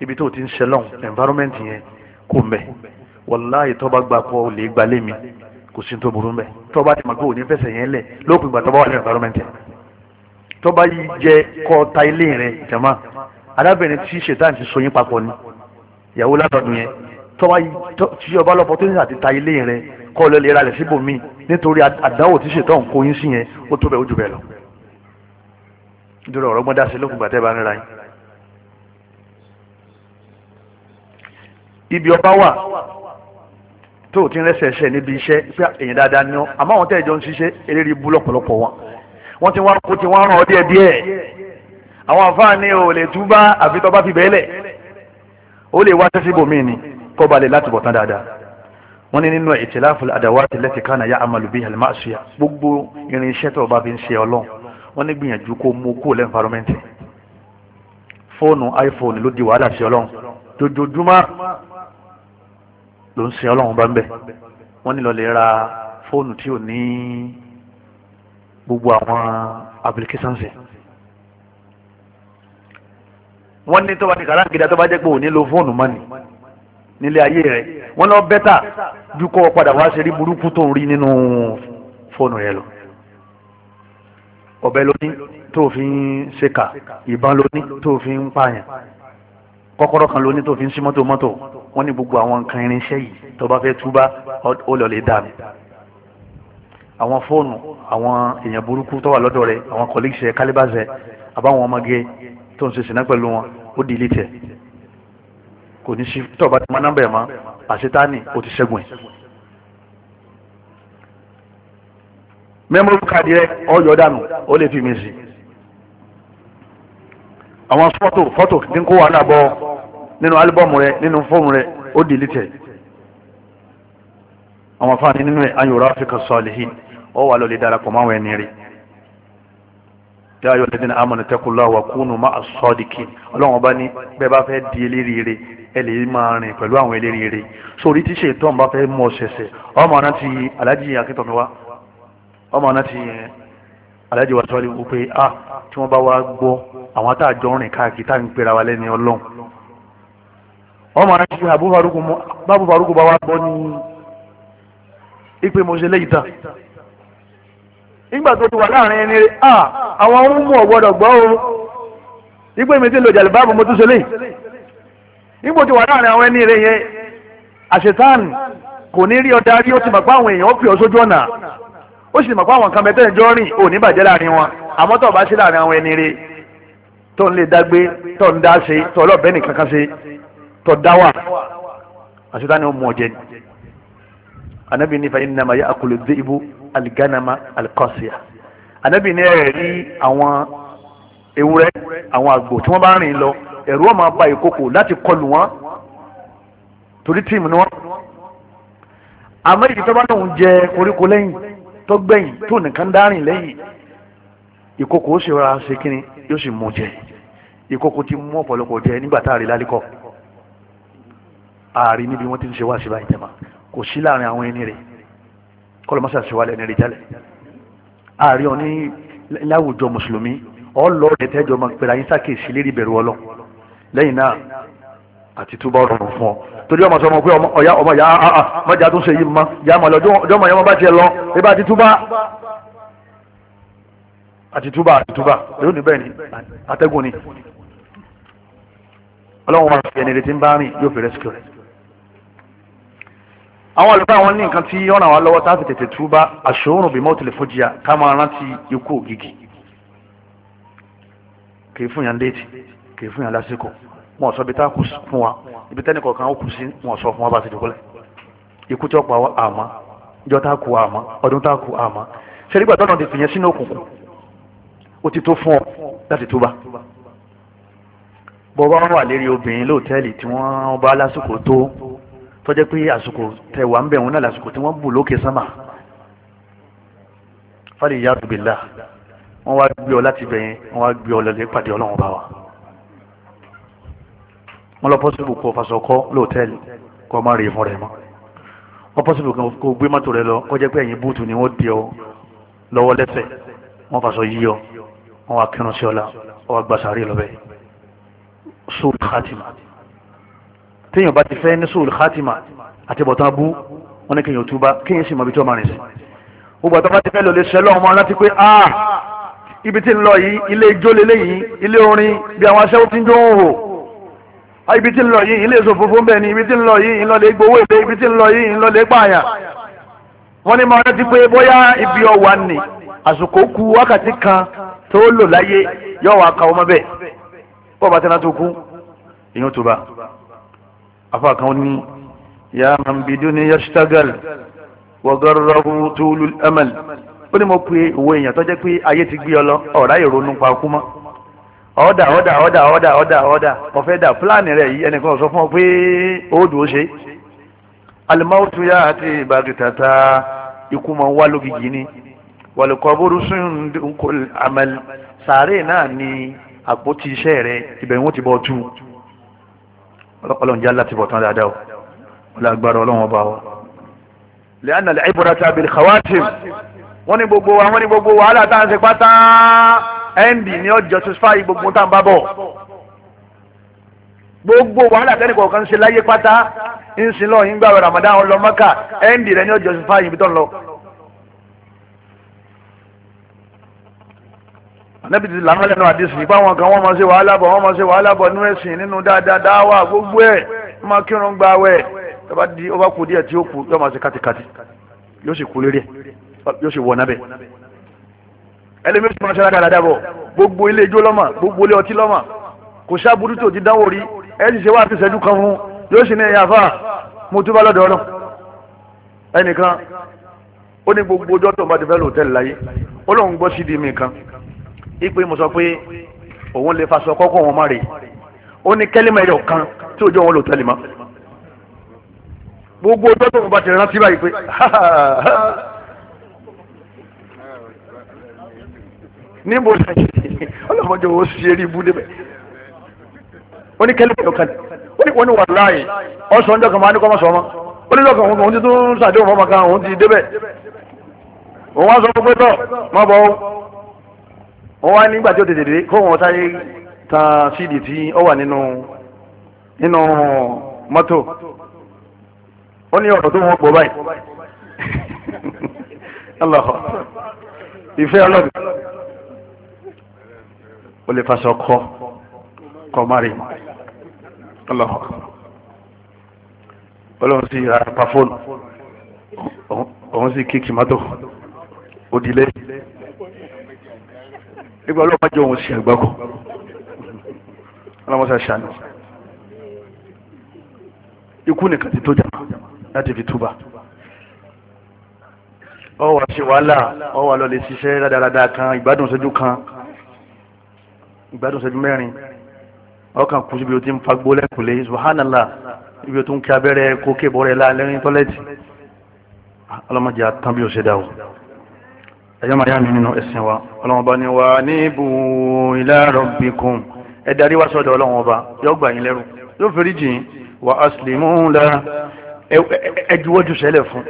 ibi tó ti ń ṣe lọ́hùn environment yẹn kò mbẹ́ wàláyé tó bá gbà pọ̀ lè gbalé mi kò sí tó burú mbẹ́ tó bá ti mọ̀ pé òní fẹsẹ̀ yẹn lẹ̀ lópin ìgbà tó bá wà ní environment yẹn tó bá jẹ kó ta ilé rẹ̀ jama arábìnrin tí ṣètàn ti so yín papọ̀ ni ìyàwó ládọ́dún yẹn tó bá tí ọba lọ́pọ̀ tó ní àti ta ilé rẹ̀ kó lọ lè ra rẹ̀ síbòmíì nítorí àdánwò tí ṣètàn kó yín sí yẹn ó tó bẹ̀ ó jù bẹ́ẹ̀ lọ nítorí ọ̀rọ̀ gbọ́n dá sí lókùn gbàtẹ́ bá ríra yín. ibi ọba wà tó ti ń rẹsẹ̀ ẹsẹ̀ níbi iṣẹ́ pé èyàn dáadáa ni ọ́ àmọ́ àwọn tẹ́ẹ̀jọ ń ṣiṣẹ́ eléré ibú lọ́pọ̀lọpọ̀ wọn wọ́n ti wá kó ti wá ràn ọ́ díẹ̀ díẹ̀ àwọn àǹfààní ò lè túbá àfi tó bá fi bẹ́ẹ̀ ó lè wá sẹ́sí bòmíì ni kó ba lè láti bọ̀ tán dáadáa wọ́n ní nínú ìtìláfù àdáwátì lẹ́tì kánà yá amalu bíi àlùmáṣíà gbogbo irinṣẹ́ tó bá fi ń ṣe ọlọ́run wọ́n ní gbìyànjú kó mú kó lẹ́nfàrọ́mẹ́ntì fóònù iphone ló di wàhálà sí ọlọ́run dojoojúmọ́ ló ń sin ọlọ́run bá ń bẹ̀ wọ́n ní lọ lè ra fóònù tí ò ní gbogbo àwọn applications ẹ̀ wọ́n ní tó bá ti kàràǹgídá tó bá jẹ́ pé ò ní lo fóònù mọ́ni nílé ayé rẹ̀ wọ́n lọ bẹ́tà ju kọ́ ọ padà wá ṣe rí burúkú tó ń rí nínú fóònù rẹ̀ lọ ọ̀bẹ lóní tó fi ń ṣèkà ìbọn lóní tó fi ń pààyàn kọ́kọ́rọ́ kan lóní tó fi ń ṣí mọ́tò mọ́tò wọ́n ní gbogbo àwọn nǹkan irinṣẹ́ yìí tó bá túbá ó lọ lè dà mí àwọn fóònù àwọn èèyàn burúkú tó wà lọ́dọ̀ rẹ̀ àwọn colleagues ẹ̀ calibers ẹ̀ àbáwọn ọmọge tó ń ṣe sìnà pẹ̀lú wọn ó di ilé tẹ̀ kò ní sí tó bá ti mọ nọ́mbà ẹ̀ mọ́ àṣetáni ó ti ṣẹ́gun ẹ̀. memory card rẹ ọyọ dànù ó lè fi mi sí. àwọn fọ́tò fọ́tò ní kó wà lábọ́ nínú álíbọ̀mù rẹ nínú fóònù rẹ ó di ilé tẹ̀. àwọn afáàní nínú ẹ̀ ayọ̀rọ̀ áfíríkà sọ̀lẹ́hìn ọ wà lọ́lẹ̀ darapọ̀ máwọn ẹni rí dáyọ̀ lẹ́dínà amọ̀nà tẹ́kùlọ́ wà kúnnù má a sọ́ di kí ọlọ́run bá ní bẹ́ẹ̀ bá fẹ́ di eléríire ẹ lè máa rìn pẹ̀lú àwọn eléríire sórí tí ṣètọ́n bá fẹ́ mọ ṣẹ̀ṣẹ̀ ọmọ náà ti aláàjì akíntomi wá ọmọ náà ti aláàjì wa sọ́ọ́lì wò pé a tí wọ́n bá wá gbọ́ àwọn àtàjọ rìn káàkiri tá à ń pera wa lẹ́ni ọlọ́run ọmọ náà ti abúfarúkú bá wá gbọ́ ní ipe mo ṣe léyìí tán nígbà tó ti wà láàrin ẹni rẹ̀ à ah, àwọn ohun mú ọ̀gbọ́dọ̀ gbọ́ o ipò mi ti lo jàlùbáàbù mo tún ṣe lè nígbà tó wà láàrin àwọn ẹni rẹ̀ yẹn àṣetán kò ní rí ọ̀dà rí ó ti mọ̀ pé àwọn èèyàn ó pè ọ́ sójú ọ̀nà ó sì mọ̀ pé àwọn kan rìn ò ní bàjẹ́ láàrin wọn àmọ́ tó bá sí láàrin àwọn ẹni tó ni aliganama alikọsia anabi ní ẹ rí àwọn ewúrẹ́ àwọn àgbò tí wọ́n bá rìn lọ ẹ̀rù ó máa ba ìkókò láti kọlù wọn torí tíìmù ni wọn àmọ́ èyí tó bá lóun jẹ koríko lẹ́yìn tó gbẹ̀yìn tó nìkan dárìn lẹ́yìn ìkókò ó sì rọra ṣe kínní yóò sì mú jẹ ìkókò ti mú ọ̀pọ̀lọpọ̀ jẹ nígbà tá a rí lálẹ́kọ̀ọ́ ààrí níbi wọ́n ti ń ṣe wá sí báyìí kò sí láàrin àwọn ẹni rẹ̀ kọlọmọsà ṣe wà lẹ́ni rí jálẹ̀ ààrẹ òní láwùjọ mùsùlùmí ọlọ́ọ̀dẹ̀ tẹ́jọ́ máa pèrè àyín sákèsí lérí ìbẹ̀rù ọlọ́ lẹ́yìn náà àti túbọ̀ rọrùn fún ọ torí ọmọ sọmọ pé ọyá ọmọ ya àà mọ́jà tó ń ṣe yìí mọ́ ya mọ̀ lọ́jọ́ ọmọ yẹn wọ́n bá tiẹ̀ lọ ibà àti túbà àti túbà àti túbà yóò ní bẹ́ẹ̀ ni atẹ́gùn ni ọlọ́run wa fi ẹni retí ń bá rìn yóò fi rẹ́síkì rẹ̀ àwọn àlùfáà àwọn ní nǹkan tí yọ̀nà wa lọ́wọ́ tá a fi tètè túbá àṣòrùn bímọ tìlẹ̀ fọ́jìyà ká máa rántí ikú ògìgì kì í fún yàn déètì kì í fún yàn lásìkò wọn sọ ibi tá a kù fún wa ibi tẹ́nì kọ̀ọ̀kan ó kù sí wọn sọ fún wa bá a ti dùkú ikú tí ó pa wa àmọ́ ìjọ tá a kù àmọ́ ọdún tá a kù àmọ́ ṣe nígbà tọ́nà ti fìyẹn sínú òkùnkùn ó ti tó fún ọ láti túbá bọ́ bá wà lérí obìnrin lóòtẹ́ẹ̀lì tí wọ́n bá lásìkò tó tọ́jẹ́ pé àsìkò tẹwàá ń bẹ̀ wọn náà lásìkò tí wọ́n bù lókè sánmà fàlì ìyá àdùbìlà wọ́n wá gbé ọ láti bẹ̀yẹn wọ́n wá gbé ọ lọ́lẹ́ pàdé ọlọ́run bá wa wọ́n lọ pọ́sibù kó fasọkọ́ lóòtẹ́ẹ̀lì kó má rèé fún rẹ̀ mọ́ wọ́n pọ́sibù kó gbé mọ́tò rẹ̀ lọ kó pé ẹ̀yìn búùtù ni wọ́n di ọ lọ́wọ́ lẹ́sẹ̀ wọ́n fasọ yí ọ wọ́n wá kírun sí ọ la wọ́n wá gbàsáré lọ bẹ́ẹ̀ sóòtù kátìmù téèyàn bá ti fẹ́ ní sùúrù khatima àti bọ̀tán bú wọn ní kéèyàn túbá kéèyàn sì mọ ibi tó máa rìn sí. gbogbo àtọ́ bá ti fẹ́ lọ lè ṣẹlẹ̀ ọmọ láti pé a ah, ibi tí ń lọ yìí ilé ijó lélẹ́yìn ilé orin bí àwọn aṣẹ́wó ti ń jó ń hò ah, ibi tí ń lọ yìí ilé èso funfun bẹ́ẹ̀ ni ibi tí ń lọ yìí ńlọ lè gbowó èlé ibi tí ń lọ yìí ńlọ lè pààyàn. wọ́n ní máa rántí pé bóyá ibi ọ̀wà nì àsìkò ku wákàtí kan tó lò láyé yọ̀wọ̀ àkàwọ́ mọ́bẹ̀ bọ́ọ̀ bá tẹ́ná tó kú èèyàn tó bá afa kan ní ya man biduni yashtagal wa garrahu tulul amal ó mo pe òwe èèyàn tó jẹ́ pé ayé ti gbé ọ lọ ọ̀rá ìrònú pa kú mọ́ ọ̀dà ọ̀dà ọ̀dà ọ̀dà ọ̀dà ọ̀dà ọ̀fẹ́ dà fúlàní rẹ̀ yìí ẹnìkan sọ fún ọ pé ó dùn ó ṣe alimawutu ya àti ìbàgìtàtà ikú mọ wá lógìgì ni wàlùkọ́bùrú sùn kò àmàlì sàárè náà ni àpótí iṣẹ́ rẹ̀ ibẹ̀ wọ́n ti bọ́ tú ọlọ́pọ̀lọ́n jẹ́ láti bọ̀tán dáadáa o ọlọ́gbàrá ọlọ́run ọba o lẹ́yìn àlẹ́ ìbúrata bil khawatim wọ́n ní gbogbo wa wọ́n ní gbogbo wàhálà tá à ń ṣe pátá ẹ́ndì ni ó justify gbogbo tá à ń bá bọ̀ gbogbo wàhálà tẹ́nì kọ̀ọ̀kan ṣe láyé pátá ń sin lọ́ọ̀ gbàwé Ramadan ọlọ́mọ́kà ẹ́ndì rẹ̀ ni ó justify ibi tó ń lọ. anabi ti lànà lẹ́nu àdìsí nípa àwọn kan wọ́n máa ṣe wàhálà bọ̀ wọ́n máa ṣe wàhálà bọ̀ nínú ẹ̀sìn nínú dáadáa dáwà gbogbo ẹ̀ wọ́n máa kírun gba awẹ́ tọba di ọba kù díẹ̀ tí ó kù yóò máa ṣe kátikáti yóò sì kú lérí ẹ̀ yóò sì wọ̀ nábẹ̀ ẹlẹ́mìí sì máa ṣe aládàáda bọ̀ gbogbo ilé ijó lọ́mà gbogbo ilé ọtí lọ́mà kò sábúrú tó ti dánwò rí ẹ sì ṣe wá àti ìṣẹ́jú kan fún yóò sì ní ẹ̀yà fáà mo tún bá lọ́dọ̀ ọ̀nà ẹnìkan ó ní gbogbo ọjọ́ bá ti fẹ́ lò láyé ó lóun ipe mo sọ pé òun lè faṣọ kọ́kọ́ wọn má rè ó ní kẹ́límà ẹ̀rọ kan tí òjò wọn lò tẹ́lẹ̀ mọ́ gbogbo ọjọ́ tó ń bá ti rántí báyìí pé (laughs) níbo ni (laughs) ọlọ́mọdé wo ṣe eré ibú débẹ̀ ó ní kẹ́límà ẹ̀rọ kan ó ní wọ́n wà láàyè ọ̀sán ọjọ́ kan máa ní kọ́ máa sọ ọmọ ó ní lọ́kàn òun ti tún ṣàdéhùn fọmọ kan òun ti débẹ̀ òun wá sọ pé tọ́ máa bọ̀ wọ́n wá nígbà tí ó tètè dé kó wọn sáré tan síìdì tí ó wà nínú nínú mọ́tò ó ní ọ̀rọ̀ tó wọ́n gbọ́ báyìí ọlọ́họ̀ (laughs) ìfẹ́ ọlọ́dún ó lè fàṣọ kọ́ kọ́ mari ọlọ́họ̀ ọlọ́run sì ra pa fóònù òun sì kí kìmọ́tò òdìlé nígbà ọlọ́pàá jẹ́ òun sí àgbákò ọlọ́mọṣẹ́ ṣàánú ikú nìkan ti tó jà láti fi túbà ọ wà ṣe wàhálà ọ wà lọlẹ̀ ṣiṣẹ́ rádaràda kan ìgbádùn ṣẹ́jú kan ìgbádùn ṣẹ́jú mẹ́rin ọkàn kù síbi o ti ń fagbó lẹ́kùnlé subhanallah ibi o tún kí abẹ́rẹ́ kókè bọ́rẹ́ láàrin tọ́lẹ́tì ọlọ́mọdé àtàn bí o ṣe dá o ẹ̀yọ́mà yá mi nínú ẹ̀sìn wa ọlọ́wọ́n bá ní wa ní ibù ila rabbikum ẹ darí wá sọ́dọ̀ ọlọ́wọ́n bá yóò gbà yín lẹ́rù yóò fẹ́rí jìn wa aslimu la ẹ juwọ́jú sẹ́lẹ̀ fún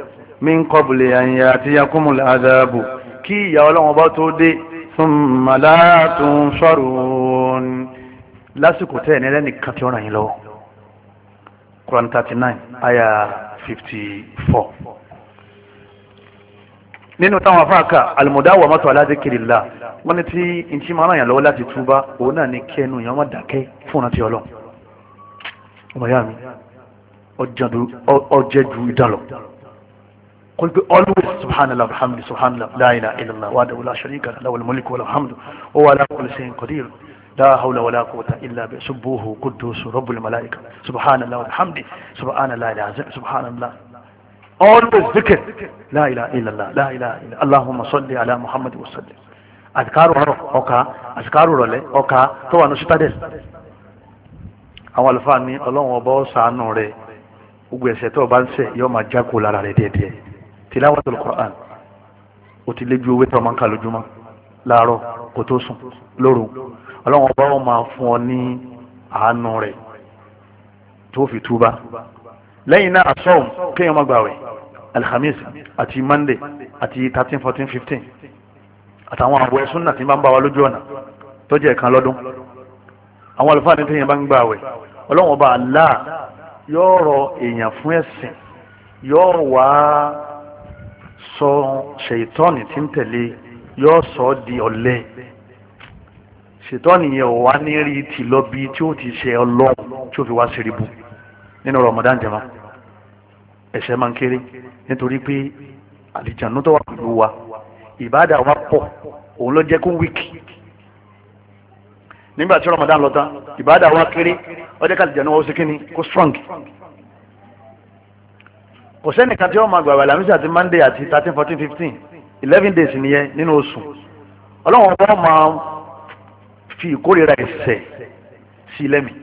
min qabli an ya'tiyakumul adhabu kí ìyà ọlọ́wọ́n bá tó dé thumma la tunsarun lásìkò tẹ́ ẹ̀ nílẹ́ nìkan tí ó ràn yín lọ́wọ́ Quran thirty nine ayah nínú táwọn afáàkà alimudawa mọ́tò aládékèrèlá wọ́n ní tí ntí máa ràn yàn lọ́wọ́ láti túbá òun náà ní kẹ́nu yàn má dàkẹ́ fún ọ̀nà tí ọlọ́ ọmọ mi ọjẹ́ ju ìdán lọ kul bi always subhanallah alhamdu subhanallah la ilaha illallah wa la sharika lahu lahul mulku wa lahul hamdu wa huwa ala kulli shay'in qadir la hawla wa la quwwata illa bi subuhu quddus rabbul malaika subhanallah walhamdi subhanallah alazim subhanallah always zikir la ilaha illallah la ilaha illallah allahumma salli ala muhammad wa sallim àtikáàrò ọ̀rọ̀ ọ̀ka àtikáàrò rọ̀lẹ́ ọ̀ka tó wà ní citadel àwọn àlùfáà ní ọlọ́run ọba ọ̀sánù rẹ̀ gbogbo ẹ̀ṣẹ̀ tó o bá ń ṣẹ̀ yóò máa jáko lára rẹ̀ díẹ̀díẹ̀ tilawatul Qur'an o ti lé ju owó tó o máa ń kà lójúmọ́ láàárọ̀ kó tó sùn lóru ọlọ́run ọba wọn máa fún ọ ní fi túbá lẹ́yìn náà asọ́ọ̀m kéèyàn má gbàwẹ̀ alhamis àti monday àti thirteen fourteen fifteen àtàwọn àbọ̀ ẹ̀sùn náà ti máa ń bá wa lójú ọ̀nà tó jẹ́ ẹ̀kan lọ́dún àwọn àlùfáà ní tẹ̀yìn bá ń gbà wẹ̀ ọlọ́wọ́n bá Allah yóò rọ èèyàn fún ẹ̀sìn yóò wá sọ ṣèitọ́ọ̀nì tí ń tẹ̀lé yóò sọ ọ́ di ọ̀lẹ ṣèitọ́ọ̀nì yẹn ò wá ní rí ti lọ bí tí ó ti ṣe ọlọ́run tí ó fi wá ṣe rí nínú Ramadan jama ẹ̀ṣẹ̀ máa ń kéré nítorí pé àlìjànú tó wà pẹ̀lú wa ìbáàdà wa pọ̀ òun ló jẹ́ kó wíìkì nígbà tí Ramadan lọ tán ìbáàdà wa kéré ó jẹ́ kàlìjànú wa ó sì ni kó strong kò sẹ́nìkan tí wọ́n máa gbàgbà làmísì àti Monday àti thirteen fourteen fifteen eleven days nìyẹn nínú oṣù ọlọ́run wọn máa fi ìkórira ẹ̀ṣẹ̀ sí lẹ́mìí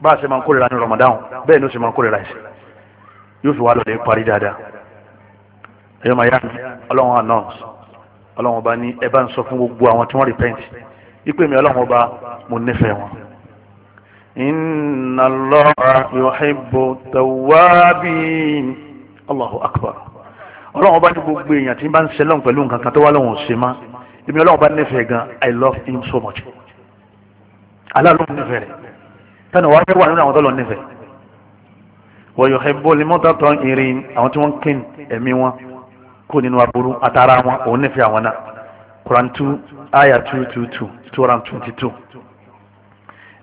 bá a ṣe máa ń kórira ní Ramadan bẹ́ẹ̀ ni ó ṣe máa ń kórira ẹ̀ṣẹ̀ yóò fi wá lọ́lẹ̀ parí dáadáa ẹ̀yọ́ máa yá mi ọlọ́run announce ọlọ́run ọba ní ẹ bá ń sọ fún gbogbo àwọn tí wọ́n repent ipe mi ọlọ́run ọba mo nífẹ̀ẹ́ wọn. inna Allaha yuhibbu tawwabin Allahu akbar ọlọ́run ọba ní gbogbo èèyàn tí ń bá ń sẹ́lọ̀ pẹ̀lú nǹkan kan tó wá lọ́wọ́n ṣe má èmi ọlọ́run ọba nífẹ̀ẹ́ gan I love him so much aláàlú nífẹ̀ẹ́ rẹ̀ tẹ́nu wàá fẹ́ wà nínú àwọn tó lọ nífẹ̀ẹ́ wọ́n yóò hẹ́bọ́ limọ́tà tán irin àwọn tí wọ́n kín ẹ̀mí wọn kó nínú aburú àtàrà wọn òun nífẹ̀ẹ́ àwọn náà Quran two aya two two two two hundred and twenty two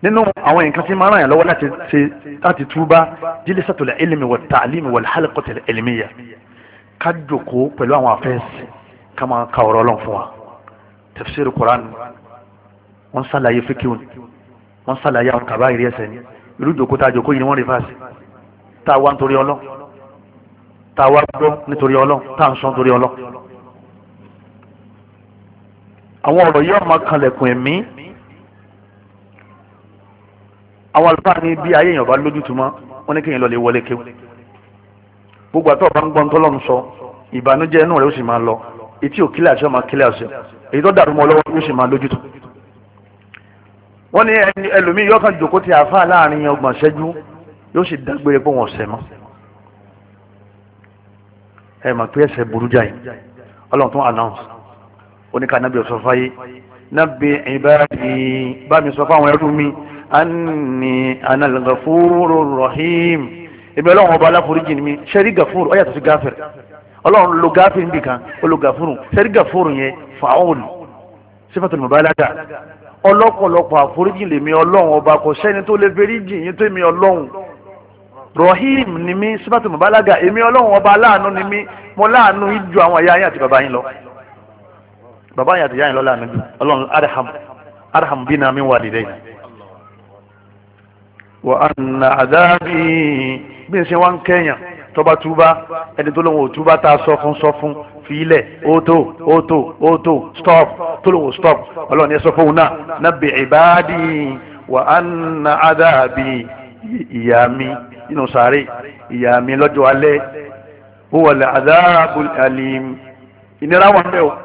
nínú àwọn nǹkan tí máa ń ràn yàn lọ́wọ́ láti ṣe láti túbá jilisatul ilmi wa ta'limi wal halaqatul ilmiya ká jòkó pẹ̀lú àwọn afẹ́sì ká máa ka ọ̀rọ̀ Ọlọ́run fún wa tafsir Quran wọ́n sàlàyé fíkìwọ̀n wọ́n sàlàyé àwọn kàbáyìí ẹ̀ṣẹ̀ ni irú jòkó tá a jòkó yìí ni wọ́n rí fáṣí tá a wá nítorí ọlọ́ tá a wá gbọ́ nítorí ọlọ́ tá a ń sọ nítorí ọlọ́ àwọn ọ̀rọ̀ yìí ọmọ kanlẹ̀kùn ẹ̀mí àwọn àlùfáà ní bí ayé èèyàn bá lójútùmọ́ wọn ní kéèyàn lọ lè wọlé kéwù gbogbo àtọ́ bá ń gbọ́n tọ́lọ́ ń sọ ìbànújẹ́ inú rẹ̀ ó sì máa lọ etí ò kílẹ̀ àṣẹ ọmọ kílẹ̀ àṣẹ èyí tó dàrú mọ́ lọ́wọ́ ó sì máa lójútù wọ́n ní ẹlòmíì yọkàn jòkó ti àáfàá láàrin ọgbọ̀n ṣẹ́jú yóò sì dágbére pé wọn ọ̀sẹ̀ mọ́ ẹ mà pé ẹsẹ̀ burú jáì ọlọ́run tún announce oníkà nábì ọ̀sọ̀ fáyé nábì ìbáraẹni bá mi sọ fáwọn ẹrú mi anni anal gafuru rahim èmi ọlọ́run ọba aláforíjì ni mi ṣẹ́rí gafuru ó yàtọ̀ sí gáfẹ̀r ọlọ́run lo gáfẹ̀r níbi kan ó lo gafuru ṣẹ́rí gafuru yẹn fàáwùn sífàtàn mọ̀bálágà ọlọ́pọ̀lọpọ̀ àforíjì lèmi ọlọ́run ọba kò sẹ́ni tó lè fẹ́ríjì yín tó èmi ọlọ́run rahim ni mí sibatu mubalaga èmi ọlọ́run ọba aláàánú ni mí mo láàánú ju àwọn ìyá yín àti bàbá yín lọ bàbá yín àti ìyá yín lọ láàánú ju ọlọ́run arham arham bina min walidayna wa anna adabi bí n ṣe wá ń kẹ́yàn tọba túbá ẹni tó lóun ò túbá tá a sọ fún sọ fún fiilẹ̀ ótó ótó ótó stop tó stop ọlọ́run yẹn sọ fóun náà nabbi ibadi wa anna adabi ìyá mi nínú sàárè ìyá mi lọ́jọ́ alẹ́ ó wà láàdáàbò àlìm ìnira wà mẹ́wọ̀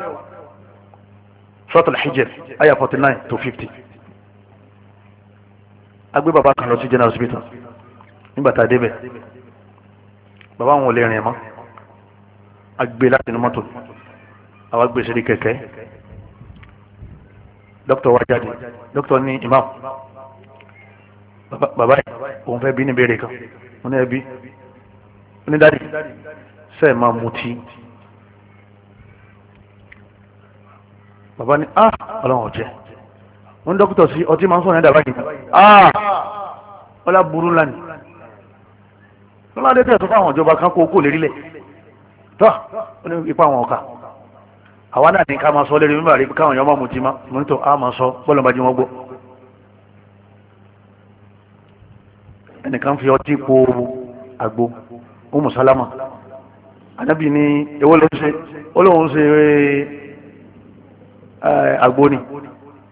sọ́tàlá hijab aya forty nine to fifty agbé bàbá kan lọ sí general hospital nígbà tá a débẹ̀ bàbá wọn ò lè rìn mọ́ agbé láti inú mọ́tò àwa gbèsè e ní kẹ̀kẹ́ dókítà wa dókítà ní imam. imam bàbá yìí òun fẹ́ bí ní ìbéèrè kan mo ní ẹbí onídàdí sẹ́ẹ̀ máa mutí bàbá ni, ah ọlọ́run ọ̀jẹ́ wọ́n dókítà sí ọtí máa ń sọ̀rọ̀ ẹ̀dá báyìí ah ọlá burú ńlá ni lọ́la dé tẹ̀sán fáwọn ìjọba kan kó kó lérí lẹ̀ tọ́ ó ní ipa àwọn ọ̀ka àwa náà ní ká máa sọ lérí mímọ́ àrí káwọn èèyàn máa mutí máa mú tó a máa sọ bọ́ọ̀lù bá jí wọ́n gbọ́. ẹnìkan fi ọtí po àgbo ó mùsálámà ànábì ní ewó ló ń ṣe ó lóun ṣe àgbo ni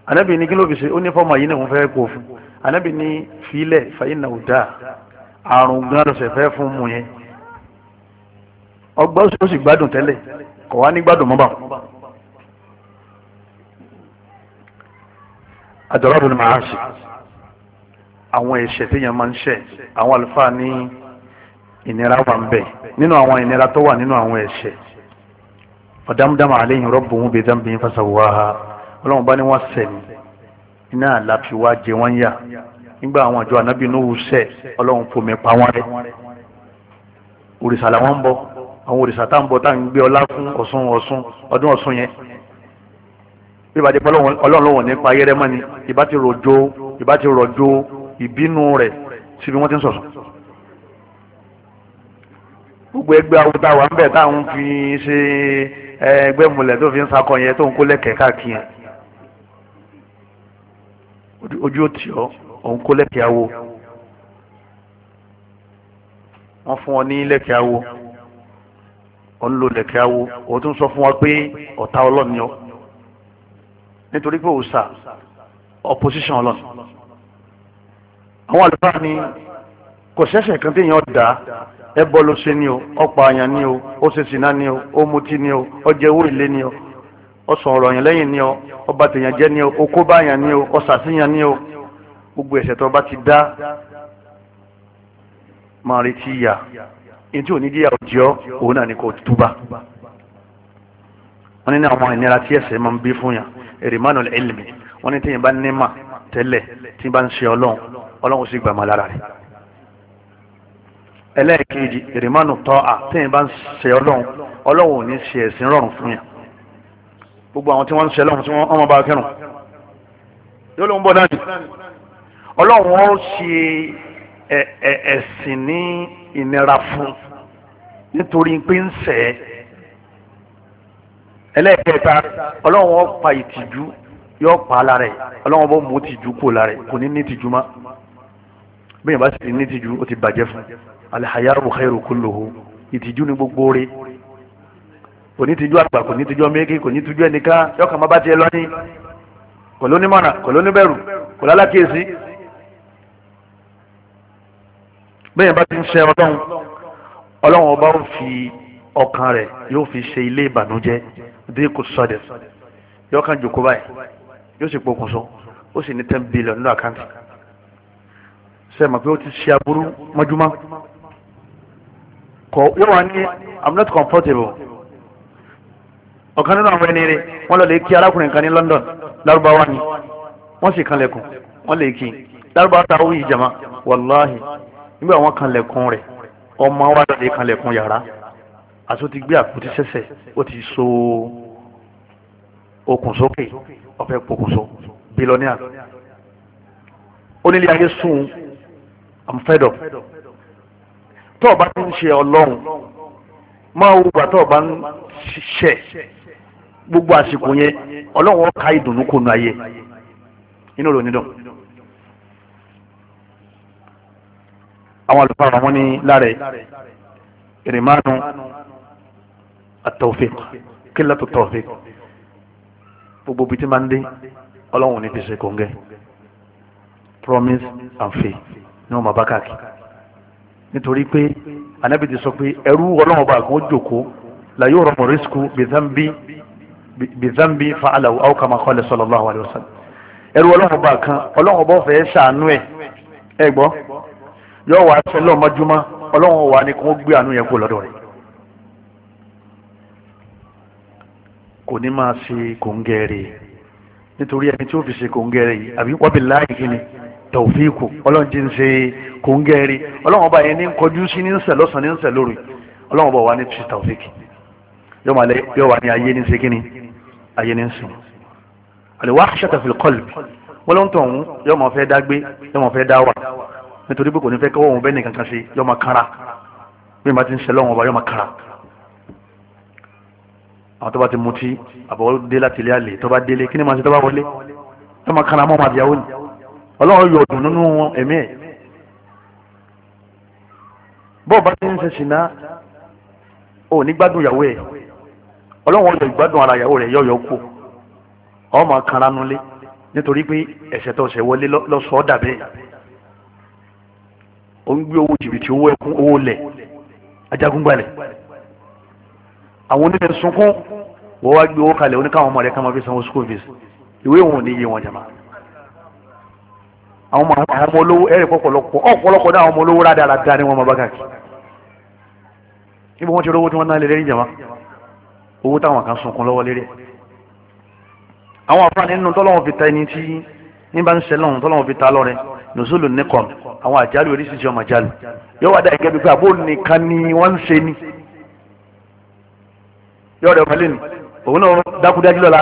ànábì ní kí ló fi ṣe ó ní fọ́ọ̀mù àyínà òun fẹ́ kó fún ànábì ní filẹ̀ fàyínà ò àrùn gan lọ́sẹ̀ fẹ́ fún mu yẹn ọgbọ́n ó sì gbádùn tẹ́lẹ̀ kọ̀ wá ní gbádùn mọ́bà àdọ́rọ́dún ni màá ṣe àwọn ẹ̀ṣẹ̀ téèyàn máa ń ṣẹ̀ àwọn àlùfáà ní ìnira wà ń bẹ nínú àwọn ìnira tó wà nínú àwọn ẹ̀ṣẹ̀ ọ̀dàmúdàmú àléyìn rọ́bù òun bèè dánbìyín fásawọ́ ha ọlọ́run bá ní wọ́n sẹ̀mí iná àlàfi wá jẹ wọ́n yà nígbà àwọn àjọ ànábì inúwù sẹ̀ ọlọ́run fòmí pa wọ́n rẹ́ òrìṣà làwọn ń bọ àwọn òrìṣà tá ń bọ tá ń gbé ọlá fún ọ̀ṣun ọ̀ṣun ọdún ọ̀ṣun yẹn bí ìbàdí ọlọ́run lọ́wọ́ nípa ayẹ́rẹ́mọ́ni ìbá ti rọ̀jò ìbá ti rọ̀jò ìbínú rẹ̀ síbi wọ́n ti ń sọ̀sọ̀ gbogbo ẹgbẹ́ awúta wà ń bẹ̀ tá à ń fi ṣe ẹgbẹ́ múlẹ̀ tó fi ń sakọ yẹn tó ń kó lẹ́kẹ̀ẹ́ káàkiri yẹn ojú òtí ọ òun kó lẹ́kẹ̀ẹ́ awo wọ́n fún ọ ní lẹ́kẹ̀ẹ́ awo ọ ń lo lẹ́kẹ̀ẹ́ awo ọ tún sọ fún wa pé ọ̀tá ọlọ́ni ọ nítorí pé òòsà opposition ọlọ́ni àwọn àlùfáà ni kò sẹ́sẹ̀ kan tí èèyàn dá ẹbọ ló ṣe ni o ọ̀pọ̀ àyàn ni o ó ṣe sìnà ni o ó mutí ni o ó owó ilé ni o ó sọ ọ̀rọ̀ yẹn lẹ́yìn ni o ó tèèyàn jẹ́ ni o ó kó báyàn ni o ó ṣàṣìyàn ni o gbogbo ẹ̀ṣẹ̀ tó bá ti dá máa retí ìyà ní tí ò ní díyà òjì ọ́ òun náà ni kò túbà wọ́n ní ní àwọn ìnira tí ẹ̀ṣẹ̀ máa ń bí fún yàn èrè mánà ẹ̀lẹ́mì wọ́n ní tí yẹn bá ní mà tẹ́lẹ̀ tí bá ń ṣe ọlọ́run ọlọ́run sì gbàmọ́ lára rẹ̀ ẹlẹ́ẹ̀kejì ìrìmánu tọ́ à tẹ́yìn bá ń ṣe ọlọ́run ọlọ́run ò ní ṣe ẹ̀sìn rọrùn fún yàn gbogbo àwọn tí wọ́n ń ṣe ọlọ́run tí wọ́n ọmọ bá kẹrùn yóò ló ń bọ̀ dání ọlọ́run ó ṣe ẹ̀sìn ní ìnira fún nítorí pé ń ṣẹ̀ ẹlẹ́ẹ̀kẹta ọlọ́run ó pa ìtìjú yóò pa á lára ẹ̀ ọlọ́run bó mú ìtìjú kò lára ẹ̀ kò ní ní ìtìjú mọ́ bí yẹn bá sì ní ìtìjú ó ti bàjẹ́ fún alihayaru khairu kulluhu ìtìjú ní gbogbo rẹ̀ kò ní ìtìjú àgbà kò ní ìtìjú ọmọkè kò ní ìtìjú ẹnìkan yọkàn má bá tiẹ̀ lọ ní kò ló ní mọ̀nà kò ló ní bẹ̀rù kò lálákìyèsí bí yẹn bá ti ń ṣe ọlọ́run ọlọ́run ọba ó fi ọkàn rẹ̀ yóò fi ṣe ilé ìbànújẹ́ dé kò sọdẹ̀ yọkàn jòkó báyìí yóò sì pokùnso ó sì ní ten billion nínú àkáǹtì sẹ́mà pé ó ti ṣe aburú mọ́júmọ́ kọ yóò wá i'm not comfortable ọ̀kan nínú àwọn ẹni rẹ̀ wọ́n lọ lè kí arákùnrin kan ní London lárúbáwá ni wọ́n sì kanlẹ̀kùn wọ́n lè kí lárúbáwá ta owó ìjàmá wàláhì nígbà wọ́n kanlẹ̀kùn rẹ̀ ọmọ wa lọ lè kanlẹ̀kùn yàrá àti ó ti gbé àpótí sẹ́sẹ̀ ó ti so okùn sókè ọ̀fẹ́ pokùnso bílọ́níà onílé ayé sùn i'm fed up tó o bá ń ṣe ọlọ́run máa wo ìgbà tó o bá ń ṣe gbogbo àsìkò yẹn ọlọ́run ó ká ìdùnnú kò nu ayé inú rẹ̀ ò ní dùn. àwọn àlùfáà wọn ní lára ìrìnmánu àtọ̀fẹ́ kílá tọ̀fẹ́ gbogbo bíi ń dé ọlọ́run ní fi ṣe kòńgẹ́ promise and faith ní wọn máa bá káàkiri nítorí pé anabi ti sọ pé ẹrú ọlọ́run ọba kan ó jòkóó la yóò rọmọ rísíkù bizambi fa alahu aw kama kọ́lẹ̀ sallallahu alayhi wa sallam ẹrú ọlọ́run ọba kan ọlọ́run ọba fẹ́ ṣàánú ẹ̀ ẹ gbọ́ yóò wá aṣọ lọ́mọdúnmá ọlọ́run wà ní kí wọ́n gbé àánú yẹn kó lọ́dọ̀ rẹ̀ kò ní máa ṣe kòńgẹ́rẹ́ nítorí ẹni tí ó fi ṣe kòńgẹ́rẹ́ yìí àbí wọ́n fi láàyè kí ni tọ̀fíìkù ọlọ́run ti ń ṣe kòńgẹ́rì ọlọ́run ọba yẹn ní kọjú sí ní sẹ̀ lọ́sàn-án ní sẹ̀ lórí ọlọ́run ọba wa ní ti tọ̀fíìkì yóò wà ní ayé ní sekini ayé ní sùn àlewà ṣàtàfil kọlùbì wọ́n ló ń tọ̀ ọ̀hún yóò máa fẹ́ dágbé yóò máa fẹ́ dáwà nítorí pé kò ní fẹ́ kọ́wọ́ òun bẹ́ẹ̀ nìkan kan ṣe yóò máa kára bí ọlọ́run yọ ọdún nínú ẹ̀mí ẹ̀ bọ́ọ̀ bá ti ń ṣe ṣìnà ò ní gbádùn ìyàwó ẹ̀ ọlọ́run ọyọ ìgbádùn ara ìyàwó rẹ̀ yọ̀yọ̀ kù ọmọ kanra nulẹ̀ nítorí pé ẹ̀ṣẹ̀ tó ṣẹ̀ wọlé lọ́sọ̀ọ́ dàbẹ́ ò ń gbé owó jìbìtì owó ẹkún owó lẹ̀ ajagúngbàlẹ̀ àwọn oníṣẹ́ sunkún wọ́n wá gbé owó kalẹ̀ oníkàwọn ọmọ rẹ̀ ká máa fi sanwó school fees ìwé wọn ò ní iye wọn jàmáà àwọn ọmọ olówó ẹ̀rẹ̀ pọ̀pọ̀lọpọ̀ ọ̀pọ̀lọpọ̀ náà àwọn ọmọ olówó rádaràda ni wọ́n máa bá káàkiri níbo wọ́n ti rówó tí wọ́n ná lé lẹ́yìn jàmá owó táwọn kan sunkún lọ́wọ́ lérí àwọn àfáàní nínú tọ́lọ́wọ́n fi ta ẹni tí ní bá ń ṣe lọ́hùn tọ́lọ́wọ́n fi ta lọ́rẹ́ nùsùlù nìkan àwọn àjálù oríṣiríṣi ọmọ àjálù yóò wá dá ìgẹ́ bíi pé àbó nìkan ni wọ́n ń ṣe ni yóò rẹ̀ ọ̀pẹ́lẹ́ ni òun náà dákúdájú lọ́la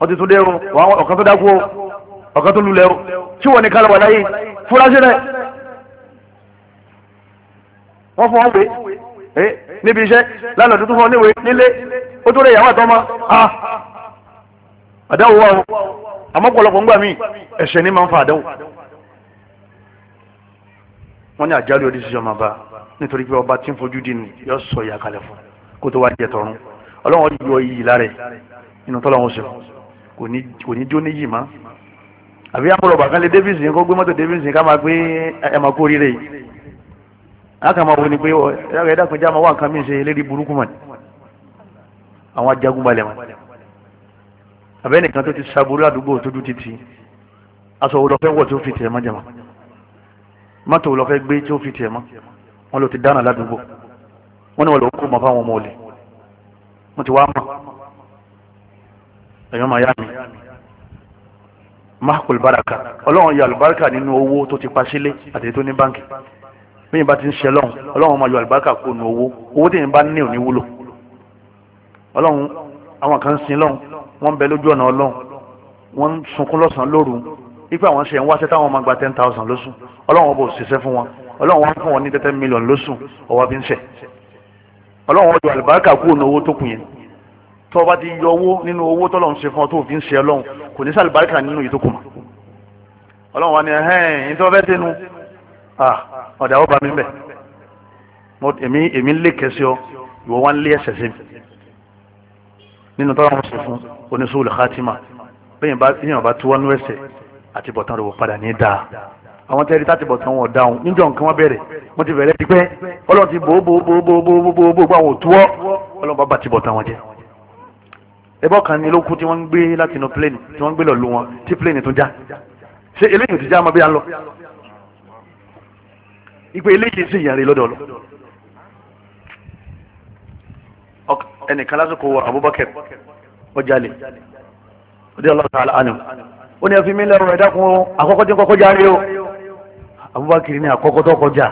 wọ́n ti tún dé o ọ̀kan tó dákú o ọ̀kan tó lulẹ̀ o tí wọ́n ní kálọ̀bà láyé fúrásì rẹ̀ wọ́n fún wọn wé ẹ eh, níbi iṣẹ́ lánàá tuntun fún ọ níwèé nílé ó tó rẹ̀ ìyàwó àtọ́mọ́ a àdáwò wa o àmọ́ pọ̀lọpọ̀ ń gbà mí ẹ̀ṣẹ̀ ní máa ń fa àdáwò wọ́n ní àjálù ọdí sísọ máa bá nítorí pé ọba tí ń fojú dì ní yọ sọ ìyà kalẹ̀ fún kó tó wá jẹ tọrún ọlọ́run yọ iyì lára ẹ̀ nínú tọ́lọ́run ṣe kò ní jó níyì máa àbí amúrọ̀bà kan lè davidson kó gbé mọ́tò davidson ká máa gbé ẹ̀mọ́ kó rírẹ̀ yìí láka máa wo ni pé ẹ dákun já máa wá nǹkan mìíràn ṣe lérí burúkú mọ̀ àwọn ajagunbalẹ̀ mọ̀ àbẹ́nìkan tó ti saburú àdúgbò tó dúdú ti aṣọ wo lọ fẹ́ wọ̀ tó fi tiẹ̀ mọ́ jẹ̀ mọ́tò wo fẹ́ gbé tó fi tiẹ̀ mọ́ wọn lọ ti dáná ládùúgbò wọn ni wọn lọ kó mọ fáwọn ọmọ olè wọn ti wá mọ ẹ̀yọ́ máa yá mi mahkul baraka ọlọ́run yọ àlùbáríkà nínú owó tó ti pa sílé àti tó ní báńkì bẹ́ẹ̀ bá ti ń ṣe lọ́hùn ọlọ́run máa yọ àlùbáríkà kó nu owó owó tẹ̀yìn bá ní òní wúlò ọlọ́run àwọn kan ń sin lọ́hùn wọ́n ń bẹ lójú ọ̀nà ọlọ́run wọ́n ń sunkún lọ́sàn-án lóru ipe àwọn ṣe ń wáṣẹ́ táwọn máa gba ten thousand lóṣù ọlọ́run bò ṣiṣẹ́ fún wọn ọlọ́run wọn fún wọn ní tẹ́tẹ́ mílíọ̀nù lóṣù ọwọ́ fi ń ṣẹ̀ ọlọ́run yọ àlùbáríkà kó nu owó tó kù yẹn tó bá ti yọ owó nínú owó tọ́lọ́run ṣe fún ọ tó fi ń ṣe ọlọ́run kò ní sàlùbáríkà nínú ìtókùmọ̀ ọlọ́run wa ni ẹ̀hẹ́n ní tí wọ́n fẹ́ dénú ọ̀dà ọba mi bẹ̀ èmi èmi ń lé kẹsí ọ ìwọ wa ń lé ẹsẹ̀ sí nínú tọ́lá wọn sọ fún oníṣòwò lẹ́kàtìmá bẹ́ẹ̀ bá yíyan bá tuwọ́ nú ẹsẹ̀ àti bọ̀tán rẹ̀ wò padà ní dáa àwọn tẹ́rí tá ti bọ̀tán wọn dáhùn níjọ nǹkan wọn bẹ̀rẹ̀ wọn ti bẹ̀rẹ̀ dípẹ́ ọlọ́run ti bò ó bò ó bò ó bò ó bò ó bò ó bò ó bò àwọn òtúwọ́ ọlọ́run bá bá ti bọ̀tán wọn jẹ́ ẹbọ kan ni lókun tí wọ́n ń gbé láti inú plẹ́ẹ̀nì tí wọ́n ń gbé lọ lu wọn tí plẹ́ẹ̀nì tún já ṣé eléyìí ti já ọmọ bí a lọ ìpè eléyìí sì yàrá lọ́dọ̀ lọ ẹnìkan lásìkò Abubakar ọjàlè ọdí ọlọ́ta àánú ó ní ẹfí mílẹ̀ ọ̀rọ̀ ẹ̀dákun àkọ́kọ́ tí ń kọ́kọ́ járe o Abubakar ní àkọ́kọ́ tó kọjá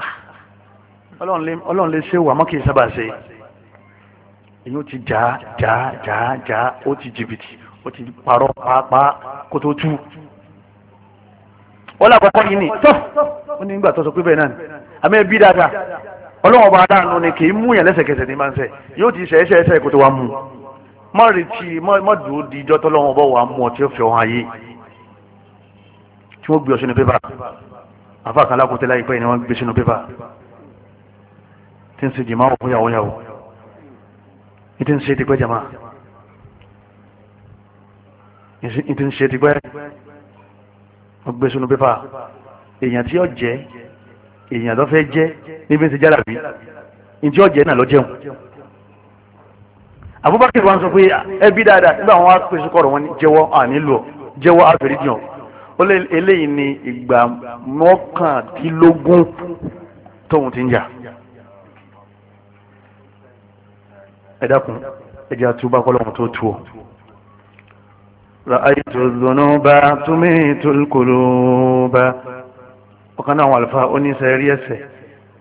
ah, ọlọ́run lè ṣe wà mọ́kì sábà ṣe èyí ó ti jà jà jà jà ó ti jìbìtì ó ti parọ́ pàápàá kó tó tú wọ́n làkọ́kọ́ yìí ni tó ó ní nígbà tó sọ pé bẹ́ẹ̀ náà ni àmì ẹbí dáadáa ọlọ́wọ́n bá dáhùn ni kì í mú yàn lẹ́sẹ̀kẹsẹ̀ ní máa ń sẹ̀ yóò ti ṣe ẹsẹ̀ ẹsẹ̀ kó tó wá mú má retí má dùn ó di ijọ́ tọ́lọ́wọ́n bọ̀ wá mú ọ tí ó fi ọ̀hún ayé tí wọ́n gbé ọ sínú pépà àfa kan lákòótẹ́ láìpẹ́ ni wọ́n gbé sínú pépà tí ń ṣe jìmá òfin yàwó yàwó ìtí ń ṣe ti pẹ́ jama ìtí ń ṣe ti pẹ́ ọgbẹ́ sunu pépà èèyàn tí ó jẹ́ èèyàn tó fẹ́ jẹ́ níbi ti jára bí ìtí ó jẹ́ náà lọ jẹun Abubakar wa ń sọ pé ẹbí dáadáa nígbà wọn wá pèsè kọrọ wọn jẹ́wọ́ ànílù ọ jẹ́wọ́ àfẹrídìàn ó lé eléyìí ní ìgbà mọ́kàndínlógún tóun ti ń jà. ẹ̀dàkùn ẹjẹ́ àtúbà kọ́lọ́hún tó tu ọ. ra'aytu dhunuba tumitul quluba ọ̀kan náà àwọn àlùfáà oníṣẹ́ rí ẹsẹ̀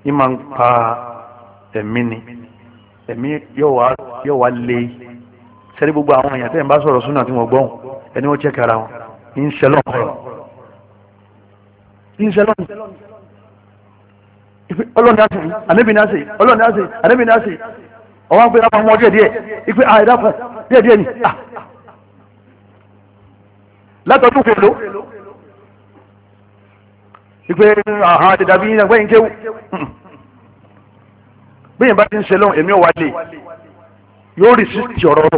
ní máa ń pa ẹ̀mí ni ẹ̀mí yóò wá lé sẹ́rí gbogbo àwọn èèyàn tẹ́ ń bá sọ̀rọ̀ súnà tí wọ́n gbọ́n ẹni wọ́n chẹ́kẹ̀ ara wọn ń ṣẹlọ́n ọ̀rọ̀ ń ṣẹlọ́n ọlọ́ni àṣẹ àníbi ní àṣẹ ọlọ́ni àṣẹ àníbi ní àṣẹ ọwọ́n pé lápá ọmọ díẹ̀ díẹ̀ ipé àìdáfẹ́ ah, díẹ̀ díẹ̀ ni ah. látọ̀dún fèlò ipé àhà àdìdàbí yìí nàgbẹ́yìn kéwù bí yìnbá hmm. ti ń ṣe lọ́hùn èmi ò wá lè yóò rí sí ti ọ̀rọ̀ rọ̀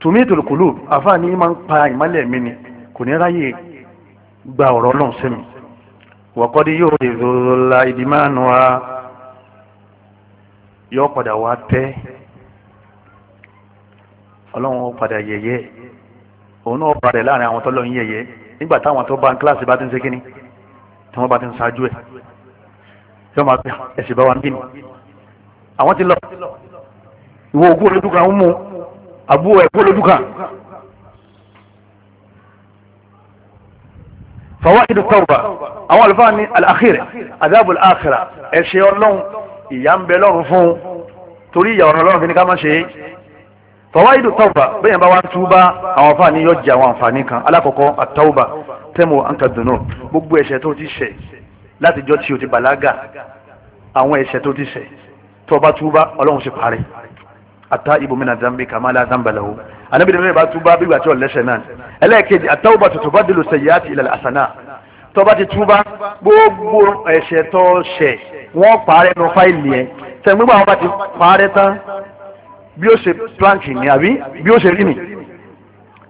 tùmí ìtòlùkùlù àfààní máa ń pa ìmọ́lẹ̀ mi ni kò ní ráyè gba ọ̀rọ̀ náà sẹ́mi wọ́kọ́ di yóò lè zòzò la ìdí máa nù wá yọ padà wá tẹ́ ọlọ́run padà yẹ̀yẹ́ òun náà padà láàrin àwọn tọ́lọ́ ń yẹ̀yẹ́ nígbà táwọn tó bá ń kíláàsì bá ti ń ṣe kínní tí wọ́n bá ti ń ṣáájú ẹ̀ yọ máa pẹ́ ẹ̀sìn bá wa níbí ni àwọn ti lọ ìwọ ògùn olódùkà ń mú àbúrò ẹ̀kọ́ olódùkà. fawaidu tawba àwọn àlùfáà ní al-akhir adabul akhira ẹ̀ṣẹ̀ ọlọ́run ìyá ń bẹ lọ́rùn fún un torí ìyá ọ̀rọ̀ lọ́rùn fi ní ká má ṣe é tọ́wá ìdò tọ́ba bẹ́ẹ̀ bá wá ń túbá àwọn àǹfààní yóò jẹ àwọn àǹfààní kan alákọ̀ọ́kọ́ àtọ́ba tẹ́mu àǹkàdùnú gbogbo ẹ̀ṣẹ̀ tó ti ṣẹ̀ látijọ́ tí o ti bàlágà àwọn ẹ̀ṣẹ̀ tó ti ṣẹ̀ tọ́ba túbá ọlọ́run ṣe parí ata ibùmínà zambi kamala zambalawo anabi dèmí bá túbá bí o ọ̀lẹ́ṣẹ̀ náà ẹlẹ́ẹ̀kejì àtọ́ba tó tọ́ba dìlù sẹ̀yà àti ilẹ̀ àsánà tọ́ba ti túbá gbogbo ẹ̀ṣẹ̀ tó ṣẹ̀ wọ́n parẹ́ nu fáìlì yẹn sẹ́gbẹ́gbà wọn bá ti parẹ́ tán bí ó ṣe plank ni àbí bí ó ṣe rí ni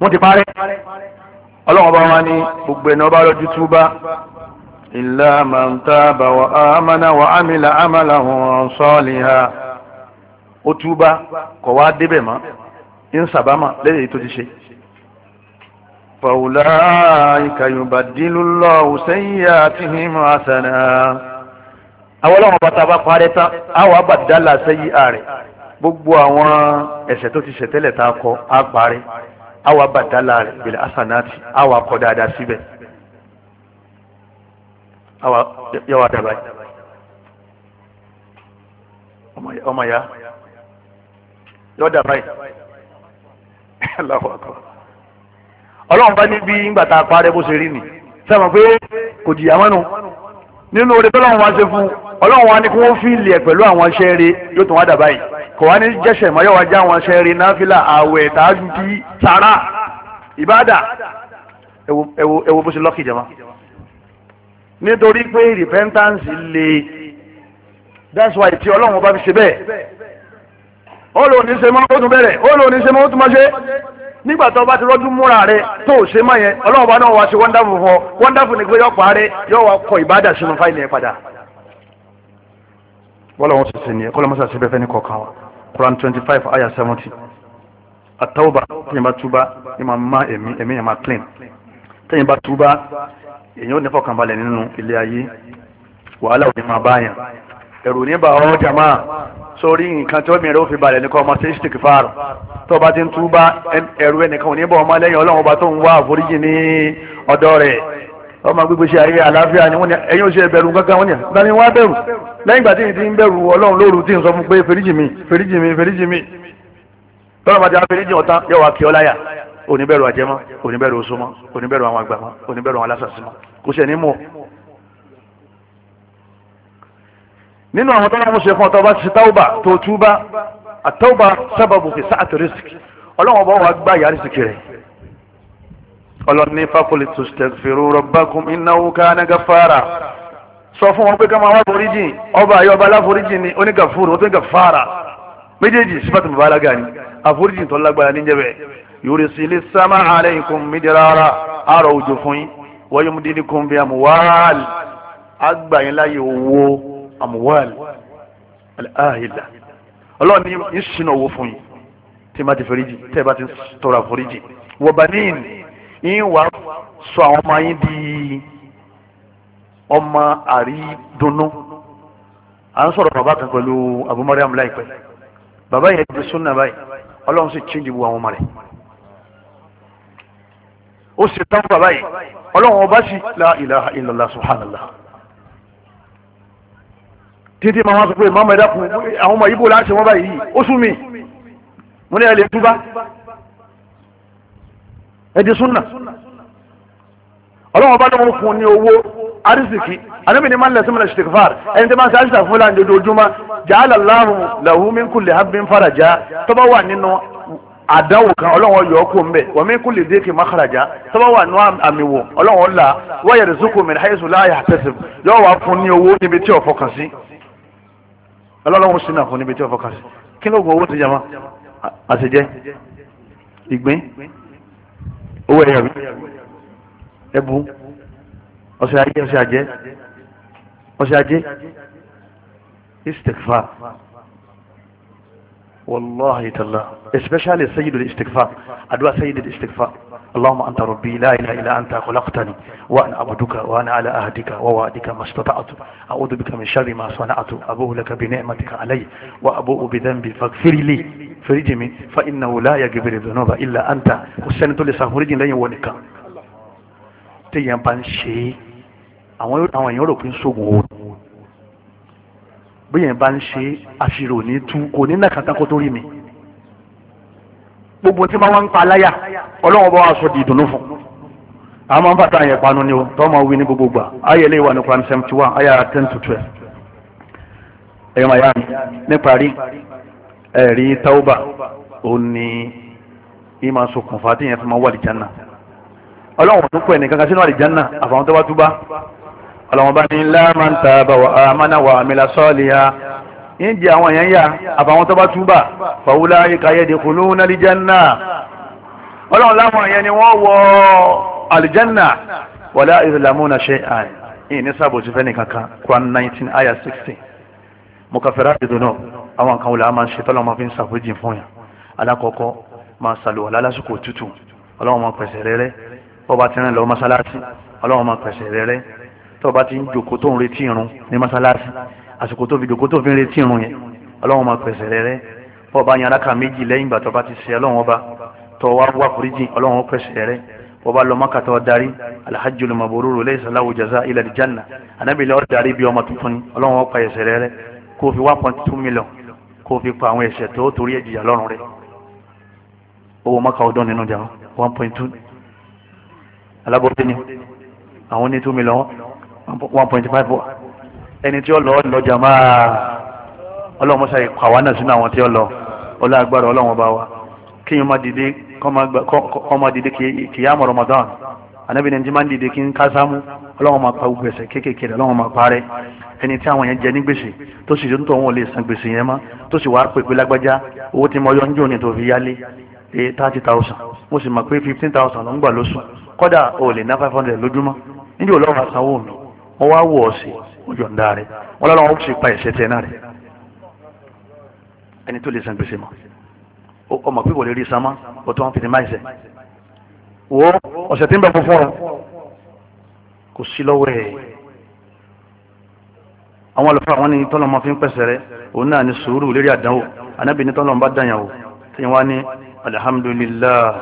wọ́n ti parẹ́ ọlọ́wọ́n bá wọn ní gbogbo ẹ̀nà ọba lọ́jú túbá illa man taba wa amana wa amila amalan saliha ó túbá kọ̀ wá débẹ̀ mọ́ ń sàbámà lẹ́yìn tó ti ṣe fa ulaika yubaddilu Allahu sayyiatihim hasana àwọn ọlọ́run ọba tá a bá parẹ́ tán àwọn abàdálà sẹ́yìn ààrẹ gbogbo àwọn ẹ̀ṣẹ̀ tó ti ṣẹ̀ tẹ́lẹ̀ tá a kọ á parẹ́ àwọn abàdálà rẹ̀ bẹ̀rẹ̀ asanati àwọn akọ dáadáa síbẹ̀ àwọn yàwá ọmọ ya yọ dábàá ọlọ́run bá níbi ìgbà tá a parẹ́ bó ṣe rí ni sẹ́wọ̀n pé kò jìyà mọ́nu nínú orí tọ́lọ́run wá ṣe fún un ọlọ́run wa ni kí wọ́n fíìlì ẹ̀ pẹ̀lú àwọn iṣẹ́ rẹ̀ yóò tún wá dà báyìí kò wá ní jẹ́sẹ̀ mọ́ yóò wá já àwọn iṣẹ́ rẹ̀ náfìlà àwẹ̀ tààdùdí sàrà ìbádà ẹ̀wò bó ṣe lọ́kì jẹ́ mọ́. nítorí pé repentance le that's why tí ọlọ́run bá fi ṣe bẹ́ẹ̀ ó lò ní ṣe mọ́ ó tún bẹ̀rẹ̀ ó lò ní ṣe mọ́ ó tún mọ́ ṣe nígbà tó bá ti rọ́jú múra rẹ tó ṣe mọ́ yẹn ọlọ́run bá náà wá ṣe wonderful fún ọ wonderful ni pé yọ pa rẹ yọ wá kọ ìbádà sínú fáìlì yẹn padà. Wala wọn sọ̀sẹ̀ ní ẹ̀kọ́lọ́ mọ́sá síbẹ̀ fẹ́ni kọ̀ọ̀kan wa Quran twenty five ayah seventy àtàwọ̀bà tẹ̀yìn bá túbá ẹ̀ máa má ẹ̀mí clean tẹ̀yìn bá túbá èyàn ò ní fọkànbalẹ̀ nínú ilé ayé wàhálà ò ní máa bá yàn ẹ̀rù ní bá ọ́ jàmá sórí nǹkan tí ó mìíràn ó fi balẹ̀ ní kọ́ ọmọ sẹ́yìn stick fáàrù tó bá ti ń túbá ẹ̀rù ẹnìkan ò ní ọmọ lẹ́yìn ọlọ́run ọba tó ń wá àforíjì ní ọ̀dọ̀ rẹ̀ ọmọ gbogbo ṣe àríyá àlàáfíà ni wọ́n ní ẹ̀yin oṣù ẹ̀bẹ̀rù kankan wọ́n ní ìgbà ni wọ́n á bẹ̀rù lẹ́yìn ìgbà tí ti ń bẹ̀rù ọlọ́run lóru tí ń sọ fún pé fèrèjì mi fèrèjì mi fèrèjì mi tọ́lá bá ti wá fèrèjì ọ̀tán yóò wá kí ọ láyà oníbẹ̀rù àjẹmọ́ oníbẹ̀rù oṣomọ́ oníbẹ̀rù àwọn àgbàmọ́ oníbẹ̀rù àwọn alásàsímọ́ kò ṣe ní mú ọ. nínú àwọn tọ́lá mọ̀ṣẹ́ fún ọ̀tọ́ bá ti táwùbà tó túbà àtọ́wùbà sábàbù fi sáàtì rìsíkì ọlọ́run ọba wa gbá yàrá rìsíkì rẹ̀ ọlọ́ni fákòlì tòṣìtẹ̀fẹ̀rù rọ̀bákùn innahu kana gàfàrà sọ fún wọn pé ká máa wá foríjì ọba ayé ọba aláforíjì ni onígàfúrò ó tún gàfàrà méjèèjì sífàtì mùbálágà ni àforíjì tó lágbára níjẹ̀bẹ̀ yurisili sama aleikum midirara àrò òjò fún yín wọ́n yóò dídí kún bí amuwaali àgbà yín láyé owó amuwaali aláhìlá ọlọ́run ní ìṣúná owó fún yín tí yín wàá sọ àwọn ọmọ yín di ọmọ àrídùnnú à ń sọ̀rọ̀ bàbá kan pẹ̀lú Abu Mariam láìpẹ́ bàbá yẹn di súnà báyìí ọlọ́run sì chíǹdì bu àwọn ọmọ rẹ̀ ó sì tán bàbá yìí ọlọ́run ọba sì la ilaha illallah subhanallah títí màmá sọ pé màmá ẹ̀dá kun àwọn ọmọ yìí bò láti wọn báyìí ó sún mi mo ní ẹ lè túbá ẹ̀dí súnà ọlọ́wọ́n bá dánwó fún ní owó arísìkí anábì ní máa ń lẹ̀sìn mọ́lẹ̀ ṣìtìkfàr ẹni tí máa ń ṣe àṣìṣà fún láǹdí ojoojúmọ́ jàálà láhùn làwọn min kulli habbin faraja tọ́ba wà nínú àdáwò kan ọlọ́wọ́n yọ ọ́ kó ń bẹ̀ wa min kulli dhiqin makhraja tọ́ba wà nínú àmì wò ọlọ́wọ́n là wa yarzuqhu min haythu la yahtasib yọ wà fún ní owó níbi tí ọ̀fọ̀ kan sí ọlọ́wọ́n sì náà fún níbi tí ọ̀fọ̀ kan sí kí ló gun owó ti jama àtijẹ́ ìgbín owó ẹ̀yàn rí ẹ̀bù ọ̀sẹ̀ ajé ọ̀sẹ̀ ajé ọ̀sẹ̀ ajé istikfa والله تالله especially سيد الاستغفار أدعى سيد الاستغفار اللهم أنت ربي لا إله إلا أنت خلقتني وأنا عبدك وأنا على عهدك ووعدك ما استطعت أعوذ بك من شر ما صنعت أبوء لك بنعمتك علي وأبوء بذنبي فاغفر لي foríjì mi fa innahu la yaghfiru dhunuba illa anta kò sẹ́ni tó lè ṣàforíjì lẹ́yìn wọ nìkan téèyàn bá ń ṣe é àwọn èèyàn rò pé ń ṣògùn owó béèyàn bá ń ṣe é àṣírò ní tú kò ní nàkàtà kó tó rí mi gbogbo tí máa ń pa aláyà ọlọ́run bá wà sọ di ìdùnnú fún àwọn máa ń fàtà àyẹ̀ panu ni o tó máa wí ní gbogbo gbà ayé ilé ìwà ní Quran seventy one ayé ten to twelve ẹ̀yọ́ màá yá mi níparí ẹ̀rí tauba ó ní ìmọ̀ ṣokùnfà tí yẹn fi máa wà lìjánà ọlọ́run tó pẹ̀ nìkan kan sínú àlìjánà àfàwọn tó bá túbá ọlọ́run bá ní láàmà ń tàbà wà àmàna wà àmìlà sọ́ọ̀lì ha ń jẹ àwọn èèyàn yà àfàwọn tó bá túbà fàwùlà ìkàyẹ̀ dìkùnú ní àlìjánà ọlọ́run láwọn èèyàn ni wọ́n wọ àlìjánà wàlá ìsìlámù náà ṣe àn ìní sábò ti fẹ́ nìkan 19 ayah 60 mo kàfẹ́rà ìdùnnú àwọn nǹkan wòlá máa ṣe tọ́lọ́ máa fi ń ṣàforíjì fún yàn alákọ̀ọ́kọ́ máa ṣàlùwà lásìkò òtútù ọlọ́run máa pẹ̀sẹ̀ rẹ́rẹ́ bó bá ti rìn lọ mọ́sálásí ọlọ́run máa pẹ̀sẹ̀ rẹ́rẹ́ tó bá ti ń jòkó tó ń retí irun ní mọ́sálásí àsìkò tó fi jòkó tó fi ń retí irun yẹn ọlọ́run máa pẹ̀sẹ̀ rẹ́rẹ́ bó bá yan aláka méjì lẹ́yìn ìgbà tó bá ti ṣe ọlọ́run ọba tó wá wá foríjì ọlọ́run ó pẹ̀sẹ̀ rẹ́ million kó fi pa àwọn ẹ̀ṣẹ̀ tó torí ẹ̀jìyà lọ́rùn rẹ̀ owó mọ́ka ọdún nínú jàmọ́ one point two alábọ̀dé ni àwọn ní two million one point five ẹni tí ó lọ lọ jàmọ́ ọlọ́mọṣà ìpàwọ́ náà sínú àwọn tí ó lọ ọlọ́àgbára ọlọ́wọ́n bá wa kíyàn má dìde kọ́ má dìde kìyàmọ̀ Ramadan anábìnrin tí má dìde kí n kásámú ọlọ́wọ́n máa pa gbèsè kéékèèké rẹ̀ ọlọ́wọ́n máa parẹ́ ẹni tí àwọn yẹn jẹ ní gbèsè tó sì tó wọn lè san gbèsè yẹn mọ́ tó sì wàá pèpè lágbájá owó tí mo yọ ń jò ní tó fi yálé ee thirty thousand mo sì mọ̀ pé fifteen thousand ló ń gbà lóṣù kódà o lè ná five hundred lójúmọ́ níjẹ́ olóòwò àsanwó mi wọ́n wá wọ̀ ọ́ sí ojú ọ̀ǹda rẹ̀ wọ́n lọ́la wọn sì pa ẹ̀ṣẹ̀ tiẹ̀ náà rẹ̀ ẹni tó lè san gbèsè mọ́ ọmọ pé kò lè rí san o tó wọn fi ní máìsẹ̀ wo ọ̀sẹ̀ tí ń bẹ fún fún ọ kò sí lọ́wọ́ ẹ̀ àwọn olùfẹ́ àwọn ní tọ́lọ̀ máa fi ń pẹ̀sẹ̀ rẹ òun náà ní sùúrù lérí àdánwò anábì ní tọ́lọ̀ ń bá dàyàn o tí wọ́n ní alhamdulillah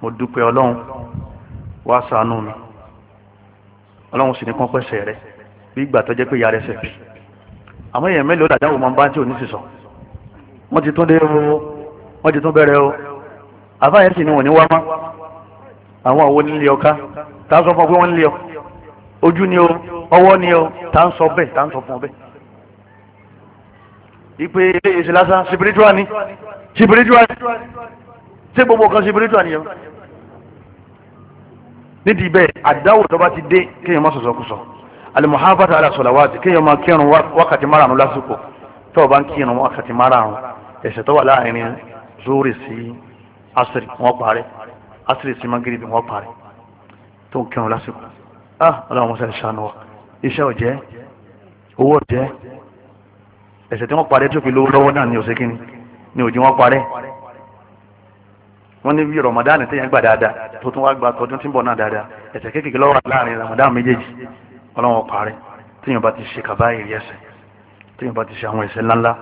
mo dúpẹ́ ọlọ́run wá ṣàánú mi ọlọ́run sì ní kán pẹ̀sẹ̀ rẹ bí ìgbà tó pé ìyá rẹ sẹ̀ bí àmọ́ èèyàn mélòó làdánwò máa ń bá tí ò ní sísọ wọ́n ti tún dé o wọ́n ti tún bẹ̀rẹ̀ o àbáyẹ̀ sì ni wọ́n ní wá mọ́ àwọn àwọn onílé ọká tá a ọwọ́ ni o tá ń sọ bẹ́ẹ̀ tá ń sọ fún ọ bẹ́ẹ̀. ìpè ilé èsì lásán spiritual ni spiritual ṣé gbogbo kan spiritual ni o. nídìí bẹ́ẹ̀ àdáwò tó bá ti dé kéèyàn má sọ̀sọ̀ kú sọ alimuhafata ala salawati kéèyàn máa kírun wákàtí márùn lásìkò tó o bá ń kírun wákàtí márùn-ún ẹ̀sẹ̀ tó wà láàrin zuri sí asiri wọn parẹ́ asiri sí magiribi wọn parẹ́ tó ń kírun lásìkò ah ọlọ́run mọ́sẹ̀ ṣàánú wa. iṣẹ́ ọ̀jẹ́ owó ọ̀jẹ́ ẹ̀sẹ̀ tí wọ́n parẹ́ tó fi lówó lọ́wọ́ náà ní ọ̀sẹ̀ kínní ni òjì wọ́n parẹ́ wọ́n ní bí Ramadan tẹ̀yàn gbà dáadáa tó tún wá gba tọdún tí ń bọ̀ náà dáadáa ẹ̀sẹ̀ kékeré lọ́wọ́ láàrin Ramadan méjèèjì ọlọ́wọ́n parẹ́ bá ti ṣe bá ti ṣe àwọn ńláńlá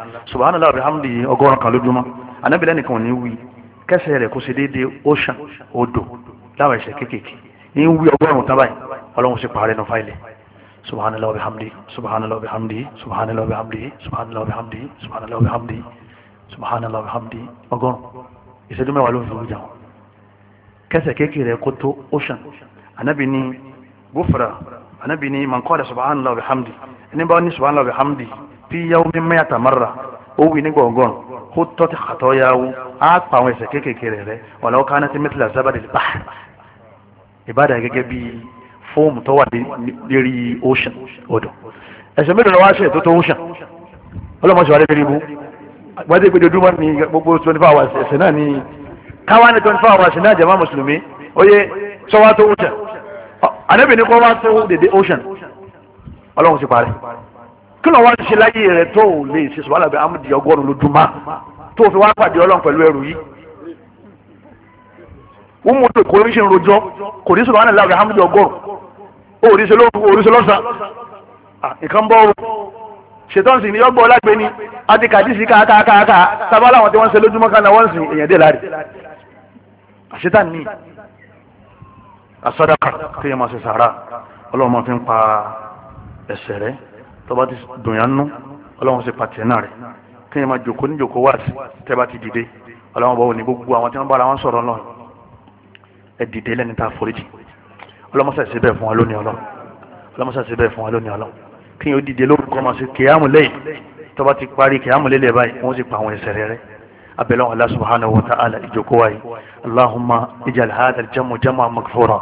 ọgọ́rùn kan lójúmọ́ anábìlẹ̀ subhanallah wa bihamdi subhanallah wa bihamdi subhanallah wa bihamdi subhanallah wa bihamdi subhanallah wa bihamdi subhanallah wa bihamdi ọgọ́rùn ìṣẹ́jú mẹ́wàá ló ń fi wújà wọn kẹsẹ̀ kéèkì rẹ̀ kó tó ocean anabi ni gufra anabi ni man qala subhanallah wa bihamdi ẹni bá ní subhanallah wa bihamdi fi yawmin mi'ata marra ó wí ní gbọ̀ngàn kó tọ́ ti xàtọ́ yáwó á pa àwọn ẹsẹ̀ kéèkì rẹ̀ rẹ̀ walaw kanat mithla zabadil bahr ìbádà gẹ́gẹ́ bíi fóòmù tó wà lérí ocean odò ẹ̀sẹ̀ mélòó ni wọ́n á ṣe ètò tó ocean ọlọ́mọṣẹ́ wà lérí ibú gbọ́dọ̀ pé dodúmọ́ ni gbogbo twenty four hours ẹ̀sẹ̀ náà ni káwá ní twenty four hours náà jẹ̀mọ́ mùsùlùmí oyè sọ́wọ́ tó ocean ànábì ní kọ́ wá tó dédé ocean ọlọ́run ti parí kí ló wá ń ṣe láyé rẹ tó ò lè ṣe sùwọ́n àlàbẹ̀ amúdi ọgọ́rùn lójúmọ́ tó fi wá pàdé ọlọ́run pẹ̀lú ẹrù yìí wọ́n mú tó kò ń ṣe rojọ́ kò ní sùwọ́n àlàbẹ̀ amúdi ọgọ́rùn oríṣẹ́ ló fún oríṣẹ́ lọ́sàn nǹkan bọ́ o ṣètọ́n sì ni yọ́gbọ́ lágbé ni adìkàdìsí káàkáàkáà sábà láwọn tí wọ́n ń ṣe lójúmọ́ kan náà wọ́n ń sìn èèyàn dé láre àṣetán ní asọ́dàkà kí yẹn máa ṣe sàárà ọlọ́run máa fi ń pa ẹsẹ̀ rẹ tó bá ti dùn yán nú ọlọ́run ṣe pàtẹ́ náà rẹ kí yẹn máa jòkó níjòkó wá sí tẹ́ bá ti dìde ọlọ́run bọ̀ wò ní gbogbo àwọn tí wọ́n bára wọn sọ̀rọ̀ náà ẹ dìde lẹ́ni tá a foríjì ọlọ́mọṣẹ́ ṣe bẹ́ẹ̀ fún wa lónìí ọlọ́ ọlọ́mọṣẹ́ ṣe bẹ́ẹ̀ fún wa lónìí ọlọ́ kí yóò dìde lórúkọ ọmọ sí kìyàmù lẹ́yìn tó bá ti parí kìyàmù lélẹ̀ báyìí wọ́n sì pa àwọn ẹsẹ̀ rẹ̀ rẹ́ abẹ́lẹ́ Allah subhanahu wa ta'ala ìjókòó yìí Allahumma ijal hadha al-jamu jam'an maghfura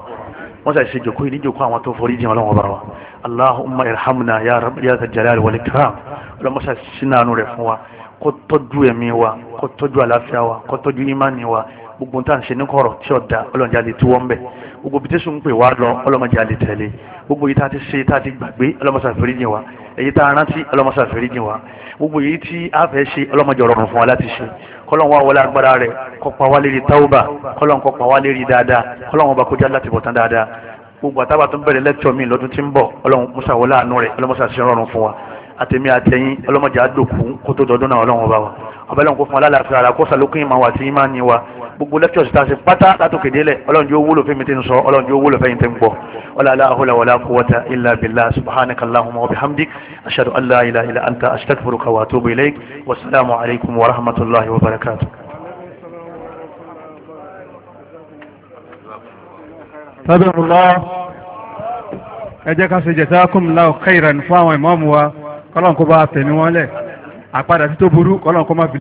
wọ́n sàì ṣe jòkó ìní jòkó àwọn tó forí jìn ọlọ́wọ́ bára wa aláhùnmá irhamna ya rabi ya jalal wal ikram ọlọ́mọ sàì sínú rẹ̀ fún wa kó tọ́jú ẹ̀mí wa kó tọ́jú àlàáfíà wa kó tọ́jú ìmánì wa gbogbo tá à ń ṣe ní kọ̀rọ̀ tí ọ̀dà ọlọ́njà lè tú wọ́n bẹ́ẹ̀ gbogbo bí tẹ́sùn ń pè wá lọ ọlọ́mọdé alẹ́ tẹ̀lé gbogbo yìí tá a ti ṣe tá a ti gbàgbé ọlọ́mọsàfẹ́rí jìn wá èyí tá a rántí ọlọ́mọsàfẹ́rí jìn wá gbogbo yìí tí a fẹ́ ṣe ọlọ́mọdé ọ̀rọ̀ fún wa láti ṣe kọ́lọ́n wá wọlé agbára rẹ̀ kọ́pa wá lérí táwọ́bà kọ́lọ́n kọ́pa wá lérí dáadáa kọ́lọ́n wọn bá kó láti bọ̀ tán dáadáa gbogbo àtàbà tó bẹ̀rẹ̀ lẹ́tọ̀ mi lọ́dún tí ń bọ̀ ọlọ́run musa wọlé àánú rẹ̀ ọlọ́mọsàfẹ́rí rọrùn fún wa àtẹ̀mí àtẹ̀yìn ọlọ́mọdé àdókù kó tó dọdún náà ọlọ́run ọba wa ọbẹ̀lọ́run kó fún alálàáfíà ara kó sàlókún ìmọ̀ wa àti ìmọ̀ ni wa gbogbo lectures tá a ṣe pátá látòkè délẹ̀ ọlọ́run yóò wúlò fẹ́mi tí ń sọ ọlọ́run yóò wúlò fẹ́yìn tí ń gbọ́ ọlọ́lá ahọ́lá wàlá quwwata illa billah subhanaka allahumma wa bihamdik ashhadu an tabi allah ẹ jẹ́ ká ṣe jazakumullahu khairan fún àwọn ìmọ̀ọ́mù wa kọ́lọ́n kó bá tẹ̀mí wọn lẹ̀ àpadà tí tó burú kọ́lọ́n kó má fi